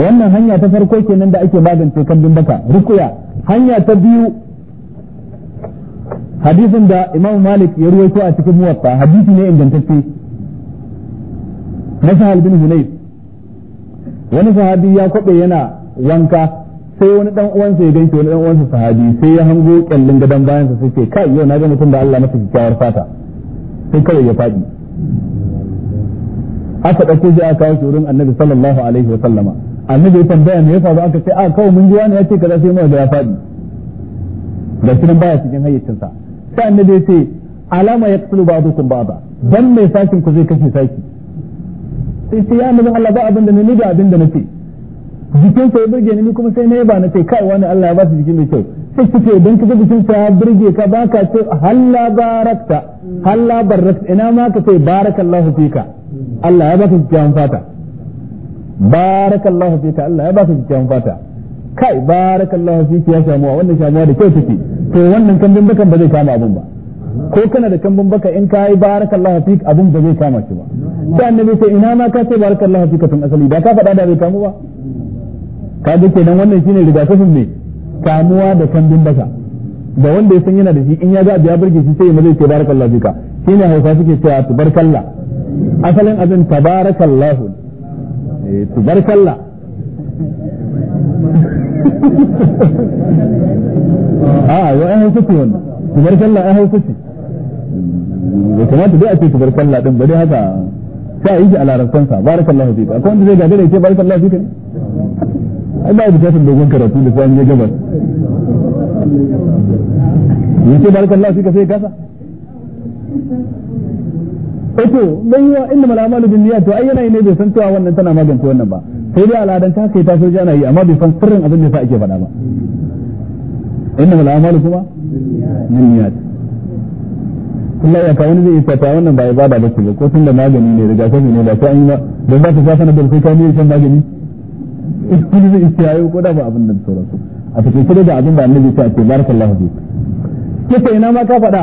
wannan hanya ta farko kenan da ake magance kambin baka ruqya hanya ta biyu hadisin da Imam Malik ya ruwaito a cikin muwatta hadisi ne ingantacce na Sahal bin Hunayf wani sahabi ya kwabe yana wanka sai wani dan uwansa ya ganki wani dan uwansa sahabi sai ya hango kyallin gadan bayansa sai ce kai yau na ga mutum da Allah masa kyakkyawar fata sai kawai ya fadi. aka ɗauko shi aka kawo shi wurin annabi sallallahu alaihi wa sallama annabi ya tambaya me yasa ba aka ce a kawai mun ji wani ya ce kaza sai mu da ya fadi. da shi nan baya cikin hayyacinsa sai annabi ya ce alama ya tsulu ba'dukum ba'da dan mai sakin ku zai kashe saki sai sai ya nuna Allah ba abin da ne ni ga abin da nace jikin sa ya burge ni kuma sai na yaba na ce kai wani Allah ya ba su jiki mai kyau sai kike idan ka ga jikin sa ya burge ka baka ce halla barakta halla barakta ina ma ka ce barakallahu fika Allah ya ba baka jikin fata barakallahu fika Allah ya ba baka jikin fata kai barakallahu fiki ya shamuwa wannan shamuwa da kyau take to wannan kambin bakan ba zai kama abun ba ko kana da kambin baka in kai yi barakallahu fik abun ba zai kama shi ba sai annabi sai ina ma ka ce barakallahu fika tun asali da ka faɗa da bai kamu ba kaga kenan wannan shine rigakafin ne kamuwa da kambin baka da wanda ya san yana da shi in ya ga abu ya burge shi sai ya mazai ce barakallahu fika shine hausa suke cewa tubarkalla asalin abin tabarakallahu eh tubarkalla a wa ai hausa ce wannan tubarkalla a hausa ce ya kamata dai a ce tubarkalla din bari haka sai a yi shi a larabtansa barakallahu fika akwai wanda zai gade da ya ce barakallahu fika ne ai ba dogon karatu da sai an je gabas yace barakallahu fika sai kasa Eto, eh don yi wa inda malamalu bin niyya to ai yanayi ne bai san cewa wannan tana magance wannan ba. Sai dai al'adan ta kai ta ji ana yi amma bai san sirrin abin da sa ake faɗa ba. Inda malamalu kuma? Bin niyya. Allah ya kawo zai yi ta wannan ba ya ba ce ko tun da magani ne rigakafi ne ba sai an yi ba don ba ta sa sanar da kai ka ne shan magani. wani zai iya yayo ko da ba abin da sauransu a cikin kudi da abin da annabi ta ce barakallahu fi kika ina ma ka faɗa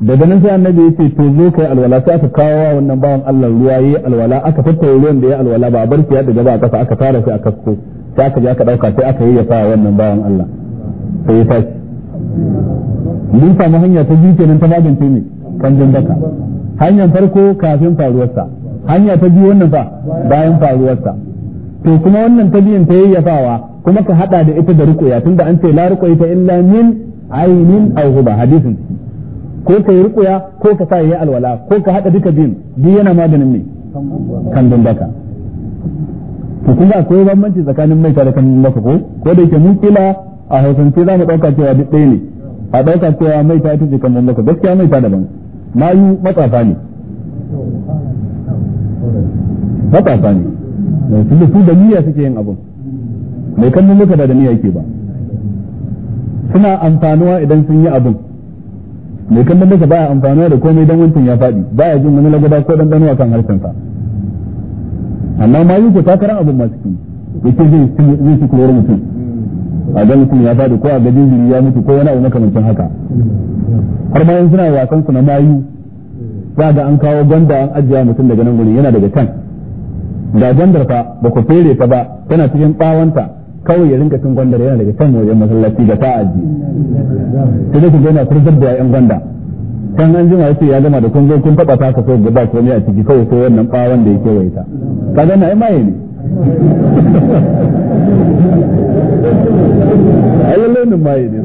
daga nan sai annabi ya ce to zo kai alwala sai aka kawo wa wannan bawan Allah ruwa yayi alwala aka tattara ruwan da ya alwala ba barki ya daga ba a kasa aka fara shi aka kasko sai aka je aka dauka sai aka yi fara wannan bawan Allah sai ya tashi mun samu hanya ta biyu nan ta magance ne jin daka hanyar farko kafin faruwarsa hanya ta biyu wannan fa bayan faruwarsa to kuma wannan tabiyan ta yayyafawa kuma ka hada da ita da rukuya tunda an ce la ruqya illa min aynin aw huba hadisin ko ka yi rukuya ko ka sa yi alwala ko ka hada duka biyun duk yana maganin ne kan don baka to kuma akwai bambanci tsakanin mai da kan baka ko ko da yake mun kila a hausance za mu dauka cewa duk ɗaya ne a dauka cewa mai ta ce kan don baka gaskiya mai ta daban mayu matsafa ne matsafa ne Eh, tunda su da niyya suke yin abun mai kallon muka da niyya yake ba suna amfanuwa idan sun yi abun mai kallon muka baya amfanuwa da komai dan wancan ya faɗi baya jin wani lagaba ko dan danuwa kan harshen sa amma ma yi ko takarar abun masu ki yake zai zai su kulorin mutum a ga mutum ya faɗi ko a ga jinjiri ya mutu ko wani abu makamancin haka har ma suna wasan su na mayu ba da an kawo gwanda an ajiya mutum daga nan wuri yana daga can ga gwandar fa ba ku fere ta ba tana cikin bawanta kawai ya rinka cin gwandar yana daga kan wajen masallaci da ta sai dai ku gona yana furzar da yan gwanda kan an jima yace ya gama da kun zo kun taba ta ka so ga ba komai a ciki kawai sai wannan bawan da yake waita kaga na ai maye ne ai lallai maye ne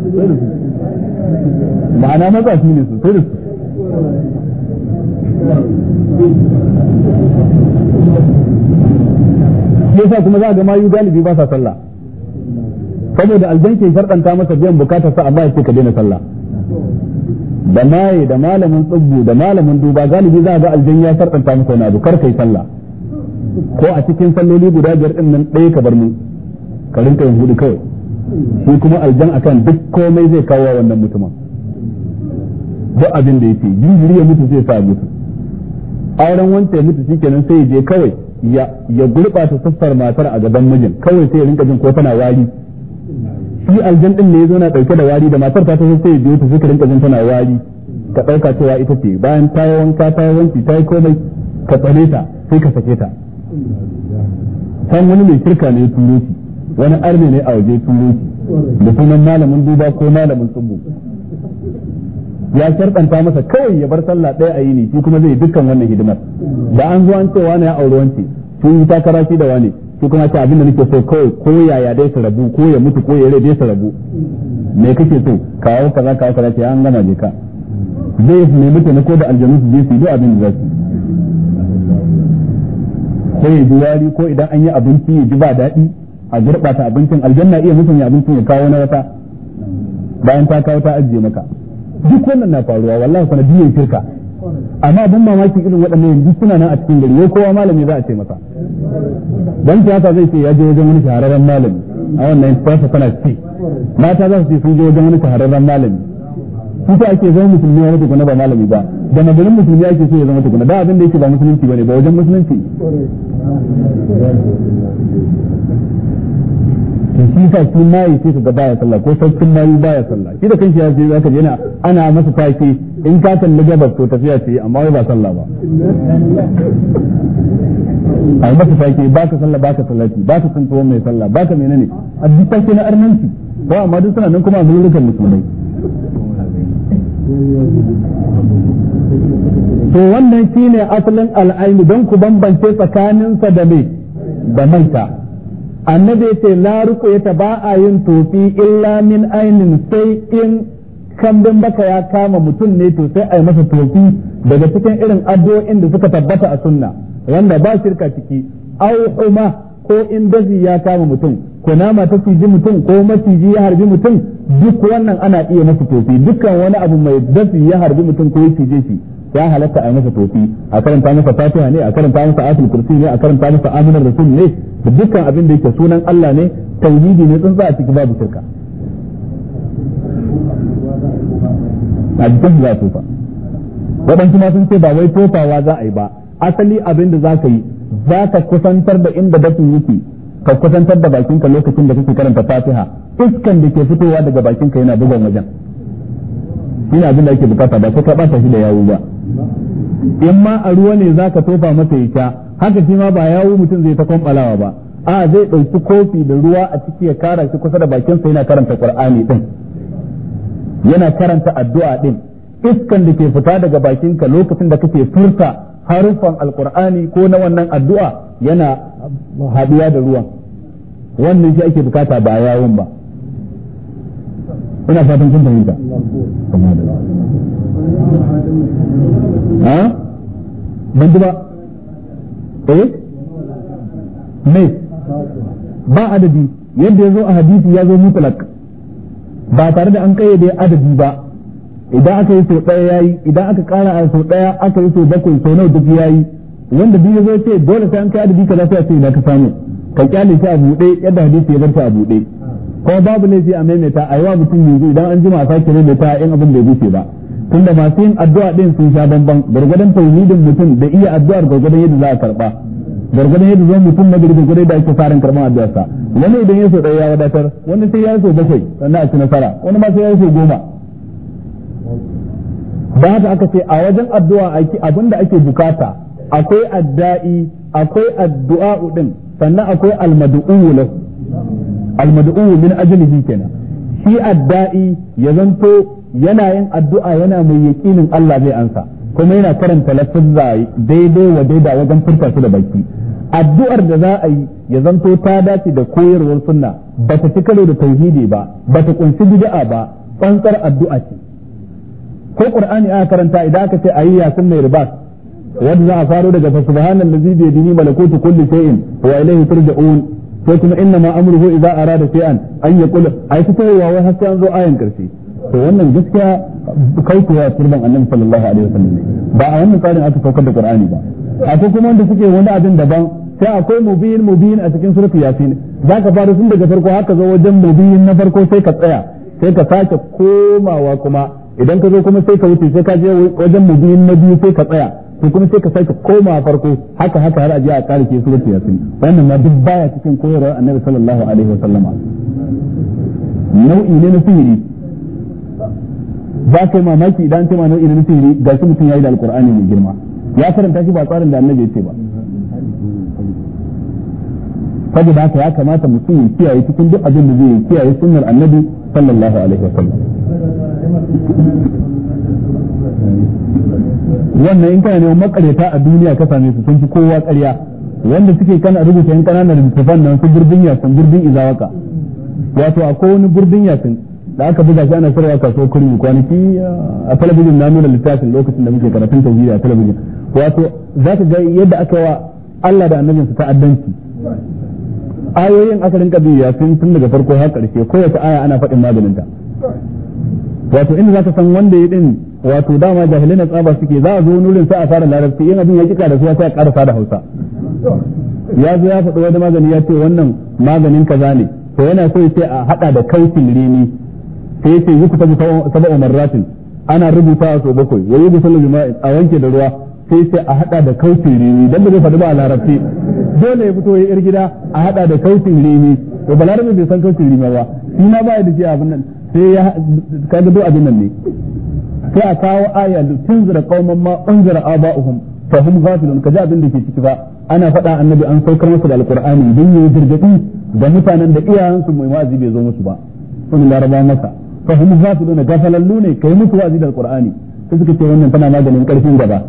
ma'ana matsafi ne sosai da su shi yasa kuma za ga mayu galibi ba sa sallah saboda aljan ke sharɗanta masa biyan bukatarsa amma ya ce ka daina sallah da maye da malamin tsubbu da malamin duba galibi za ga aljan ya sharɗanta masa na dukar kar kai sallah ko a cikin salloli guda biyar din nan ɗaya ka bar mu ka rinka yin hudu kawai shi kuma aljan akan duk komai zai kawo wannan mutumin duk abin da yake jinjiri ya mutu zai sa mutu auren wanda ya mutu shikenan sai ya je kawai ya ta siffar matar a gaban mijin kawai sai ya rinka jin ko tana wari shi aljan din ne ya zo na ɗauke da wari da matar ta tafi sai ya biyo ta suka rinka jin tana wari ka ɗauka cewa ita ce bayan ta yi wanka ta yi wanki ta yi komai ka tsare ta sai ka sake ta san wani mai kirka ne turuki wani arne ne a waje turuki da sunan malamin duba ko malamin tsubu ya sharɗanta masa kawai ya bar sallah ɗaya a yi ne shi kuma zai dukkan wannan hidimar da an zo an ce wani ya auri wance sun yi takara shi da wani shi kuma ce abin nake so kawai ko yaya dai su rabu ko ya mutu ko ya rai dai su rabu me kake so kawo kaza kawo kaza ce an gama je ka zai mutane ko da aljanu su je su yi abin da za su sai ya ko idan an yi abinci ya ji ba daɗi a gurɓata abincin aljanna iya mutum ya ya kawo na wata bayan ta kawo ta ajiye maka duk wannan na faruwa wallahi kana biyan shirka amma ban mamaki irin waɗannan yanzu suna nan a cikin gari yau kowa malami za a ce masa dan siyasa zai ce ya je wajen wani shahararren malami a wannan siyasa kana ce mata za su ce sun je wajen wani shahararren malami kusa ake zama musulmi wani tukuna ba malami ba da maganin musulmi ake so ya zama tukuna da abin da yake ba musulunci ne ba wajen musulunci to shi sa shi mayi sai baya sallah ko sarkin mayu baya sallah shi da kanshi ya ce zaka yana ana masa faki in ka kalli gabas to tafiya ce amma wai ba sallah ba ai masa faki ba ka sallah ba ka sallati ba ka san tuwon mai sallah ba ka menene a duk faki na arnanci ba amma duk suna nan kuma a zurrukan musulmai to wannan shine asalin al'aini don ku bambance tsakaninsa da mai da maita annabi ce la ya ba a yin tofi illa min ainin sai in kambin baka ya kama mutum ne to sai a yi masa tofi daga cikin irin addu'o'in da suka tabbata a sunna wanda ba shirka ciki au huma ko in dazi ya kama mutum kunama ta ciji mutum ko maciji ya harbi mutum duk wannan ana iya masa tofi dukkan wani abu mai dazi ya harbi mutum ko ya cije shi ya halatta a masa tofi a karanta masa fatiha ne a karanta masa ayatul kursi ne a karanta masa aminar rasul ne da dukkan abin da yake sunan Allah ne tauhidi ne tsantsa a cikin babu shirka a jikin za a tofa waɗansu ma sun ce ba wai tofawa za a yi ba asali abin da za ka yi za ka kusantar da inda dafin yake ka kusantar da bakinka lokacin da kake karanta fatiha iskan da ke fitowa daga bakinka yana bugan wajen ina abin da ake bukata ba sai ka bata shi da yawo ba in ma a ruwa ne za ka tofa masa ya sha haka shi ma ba yawo mutum zai ta kwambalawa ba a zai ɗauki kofi da ruwa a ciki ya kara shi kusa da bakinsa yana karanta qur'ani din yana karanta addu'a din iskan da ke fita daga bakinka lokacin da kake furta harufan alqur'ani ko na wannan addu'a yana haɗuwa da ruwan wannan shi ake bukata ba yawon ba ina fatan kun fahimta ha ban ji ba eh me ba adadi yadda ya a hadisi ya zo mutlak ba tare da an kayyade adadi ba idan aka yi sau daya yayi idan aka kara a sau ɗaya aka yi sau bakwai sau nawa duk yayi wanda bi ya zo ce dole sai an kai adadi kaza sai a ce ka samu ka kyale shi a buɗe yadda hadisi ya bar a buɗe kuma babu laifi a maimaita a yi wa mutum yanzu idan an jima a sake maimaita in abin ya zuke ba tunda masu yin addu'a din sun sha bamban gwargwadon tauhidin mutum da iya addu'ar gwargwadon yadda za a karba gwargwadon yadda zuwa mutum na gari gwargwadon da ake farin karban addu'ar sa wani idan ya so ɗaya ya wadatar wani sai ya so bakwai sannan a ci nasara wani ma sai ya so goma ba haka aka ce a wajen addu'a ake da ake bukata akwai adda'i akwai addu'a din sannan akwai almadu'u lahu almad'u min ajlihi kenan shi adda'i ya zanto yana yin addu'a yana mai yaqinin Allah zai ansa kuma yana karanta lafazza daidai wa daida wajen furta su da baki addu'ar da za a yi ya zanto ta dace da koyarwar sunna ba ta ci karo da tauhidi ba ba ta kunshi bid'a ba tsantsar addu'a ce ko qur'ani aka karanta idan aka ce ayi yasin mai ribas wanda za a faro daga fa subhanallazi bi yadihi malakutu kulli shay'in wa ilayhi turja'un ko kuma inna ma amruhu idza arada shay'an an yaqul ai fitowa wai har an zo ayan karshe to wannan gaskiya kautuwa turban annabi sallallahu alaihi wasallam ba a wannan tsarin aka saukar da qur'ani ba akwai kuma wanda suke wani abin daban sai akwai mubiyin mubiyin a cikin suratul yasin zaka fara tun daga farko haka zo wajen mubiyin na farko sai ka tsaya sai ka sake komawa kuma idan ka zo kuma sai ka wuce sai ka je wajen mubiyin na biyu sai ka tsaya ko kuma sai ka sake koma farko haka haka har aje a kare ke surati yasin wannan ma duk baya cikin koyarwar annabi sallallahu alaihi wa sallama nau'i ne na sihiri ba kai mamaki idan ce ma nau'i ne na sihiri ga shi mutum ya yi da alkur'ani mai girma ya karanta shi ba tsarin da annabi ya ce ba saboda haka ya kamata mutum ya kiyaye cikin duk abin da zai kiyaye sunnar annabi sallallahu alaihi wa sallam wannan in kana neman makareta a duniya ka same su sun fi kowa ƙarya wanda suke kana rubuta yan kananan littafan nan su gurbin yasin gurbin izawaka wato akwai wani gurbin yasin da aka buga shi ana sarwa kasuwar kurmi kwanaki uh, a talabijin na nuna littafin lokacin da muke karatun tauhidi a talabijin wato za ka ga yadda aka wa Allah da su ta'addanci ayoyin aka rinka biya sun tun daga farko har ƙarshe kowace aya ana faɗin maganinta wato inda za ka san wanda ya din wato dama jahilai na tsaba suke za a zo nurin sa a fara larabci yin abin ya kika da su sai a karasa da hausa ya zo ya faɗi wani magani ya ce wannan maganin kaza ne to yana so sai a haɗa da kautin rini sai yace yuku tabu sab'a marratin ana rubuta so bakwai wa yi sallu bima'in a wanke da ruwa sai sai a haɗa da kautin rini dan ba zai faɗi ba a larabci dole ya fito ya yar gida a haɗa da kautin rini to larabci bai san kautin rini ba shi ma ba ya da shi abin nan sai ya kaga do abin nan ne sai a kawo aya tunzira qauman ma unzira aba'uhum fa hum ghafilun kaji abin da ke ciki ba ana faɗa annabi an saukar masa da alqur'ani dan yayi gargadi da mutanen da iyayensu mai wa'azi bai zo musu ba sun laraba masa fa hum ghafilun gafalallu ne kai musu wa'azi da alqur'ani sai suka ce wannan tana maganin karfin gaba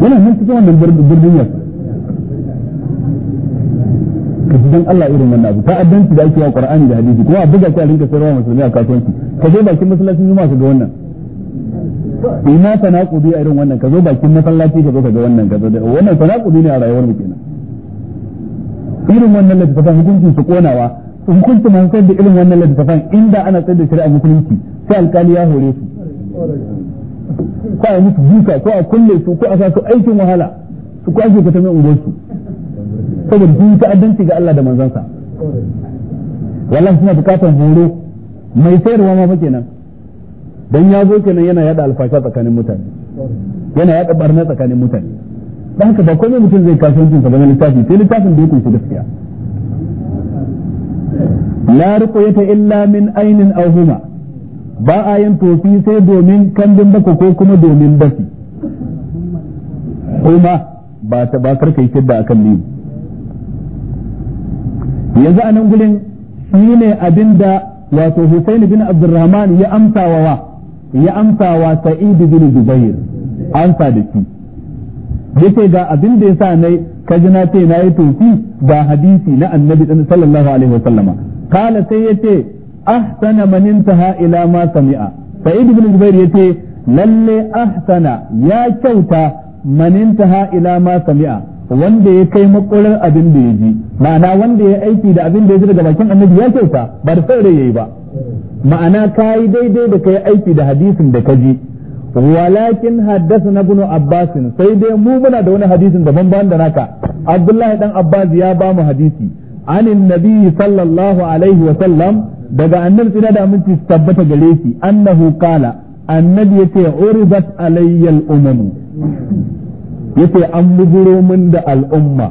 yana nan cikin wannan birnin kasu dan Allah irin wannan abu ta addanci da ake yawa Qur'ani da hadisi kuma a buga shi a rinka sayarwa musulmi a kasuwanci ka je bakin masallacin juma'a ka ga wannan ina tanaqubi a irin wannan ka zo bakin masallaci ka zo ka ga wannan ka zo wannan tanaqubi ne a rayuwar mu kenan irin wannan littafin hukunci su konawa hukuncin man sayar da irin wannan littafin inda ana sayar da shari'a musulunci sai alkali ya hore su ko a musu duka ko a kulle su ko a sa su aikin wahala su ko ake ka ta mai unguwar saboda sun yi ta'addanci ga Allah da manzansa wallahi suna bukatar horo mai sayarwa ma fa kenan dan ya zo kenan yana yada alfasha tsakanin mutane yana yada barna tsakanin mutane dan haka ba komai mutum zai kasuwancin sa bane littafi sai littafin da yake kunshi gaskiya la ruqyata illa min aynin aw huma ba a yin tofi sai domin kandin bako ko kuma domin basi kuma ba ta ba karkai shidda akan ni yanzu a nan gurin shi ne abin da wato Hussein bin Abdurrahman ya amsa wa wa ya amsa wa Sa'id bin Jubair amsa da shi yace ga abin da yasa nai kaji na ce nayi tofi ba hadisi na Annabi sallallahu alaihi wasallam kala sai yace ahsana man intaha ila ma sami'a Sa'id bin Jubair yace lalle ahsana ya kyauta man intaha ila ma sami'a wanda ya kai makolar abin da ya ji ma'ana wanda ya aiki da abin da ya ji daga bakin annabi ya kyauta ba da saurayi ya yi ba ma'ana ka yi daidai da kai aiki da hadisin da ka ji walakin haddasa na gunu abbasin sai dai mu muna da wani hadisin daban ban da naka abdullahi dan abbas ya ba mu hadisi anin nabi sallallahu alaihi wa sallam daga annabi tsira da aminci tabbata gare shi annahu kala annabi yace uridat alayyal umamu yace an bujiro min da al'umma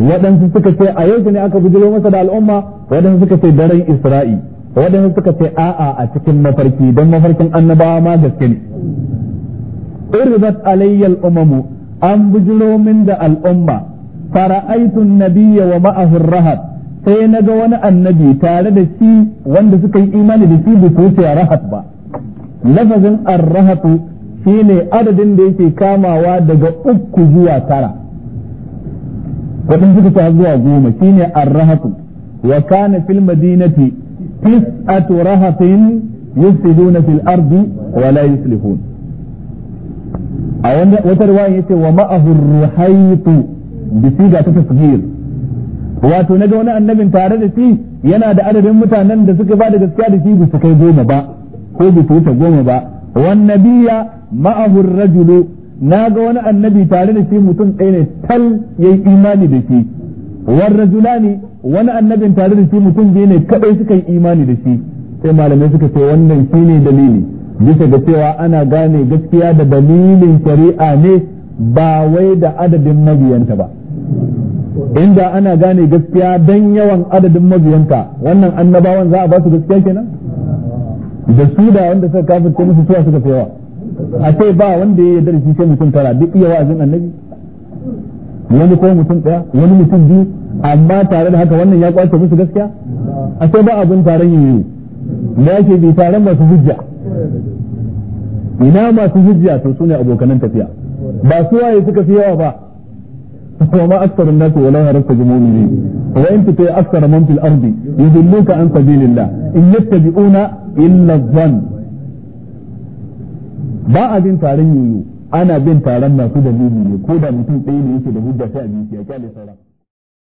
waɗansu suka ce a yau ne aka bujiro masa da al'umma waɗansu suka ce daren isra'i waɗansu suka ce a'a a cikin mafarki don mafarkin annabawa ma gaske ne irbat alayyal umamu an bujiro min da al'umma fara'aitu nabiyya wa ma'ahu rahat sai na ga wani annabi tare da shi wanda suka yi imani da shi bai kuce rahat ba lafazin ar-rahatu Shi ne adadin da yake kamawa daga uku zuwa tara wadin suka ta zuwa goma shi shine arrahatu wa kana fil madinati tis'atu rahatin yufsiduna fil ardi wa la yuslihun a wanda wata riwaya yace wa ma'ahu ruhaitu bi siga ta tasghir wato naga wani annabin tare da shi yana da adadin mutanen da suka ba da gaskiya da shi ba su kai goma ba ko ba su wuce goma ba wan nabiya ma'ahu rajulu na ga wani annabi tare da shi mutum ɗaya ne tal yayi imani da shi war rajulani wani annabin tare da shi mutum biyu ne kadai suka yi imani da shi sai malamai suka ce wannan shine dalili bisa ga cewa ana gane gaskiya da dalilin shari'a ne ba wai da adadin mabiyanta ba inda ana gane gaskiya dan yawan adadin mabiyanta wannan annabawan za a ba su gaskiya kenan da su da wanda suka kafirce musu suwa suka fi yawa a ce ba wanda ya yarda da shi sai mutum tara duk iya wa'azin annabi wani ko mutum daya wani mutum biyu amma tare da haka wannan ya kwace musu gaskiya a sai ba abin taron yin yi da yake bi taron masu hujja ina masu hujja to su ne abokanan tafiya ba su waye suka fi yawa ba Kuma ma وما أكثر الناس ولو هرست بمؤمنين وإن تطيع أكثر من في الأرض يضلوك عن سبيل الله إن يتبعون إلا الظن ba a bin taron yoyo ana bin taron masu dalili ne ko da mutum ɗaya ne yake da hujja sai a bi shi ya kyale sauran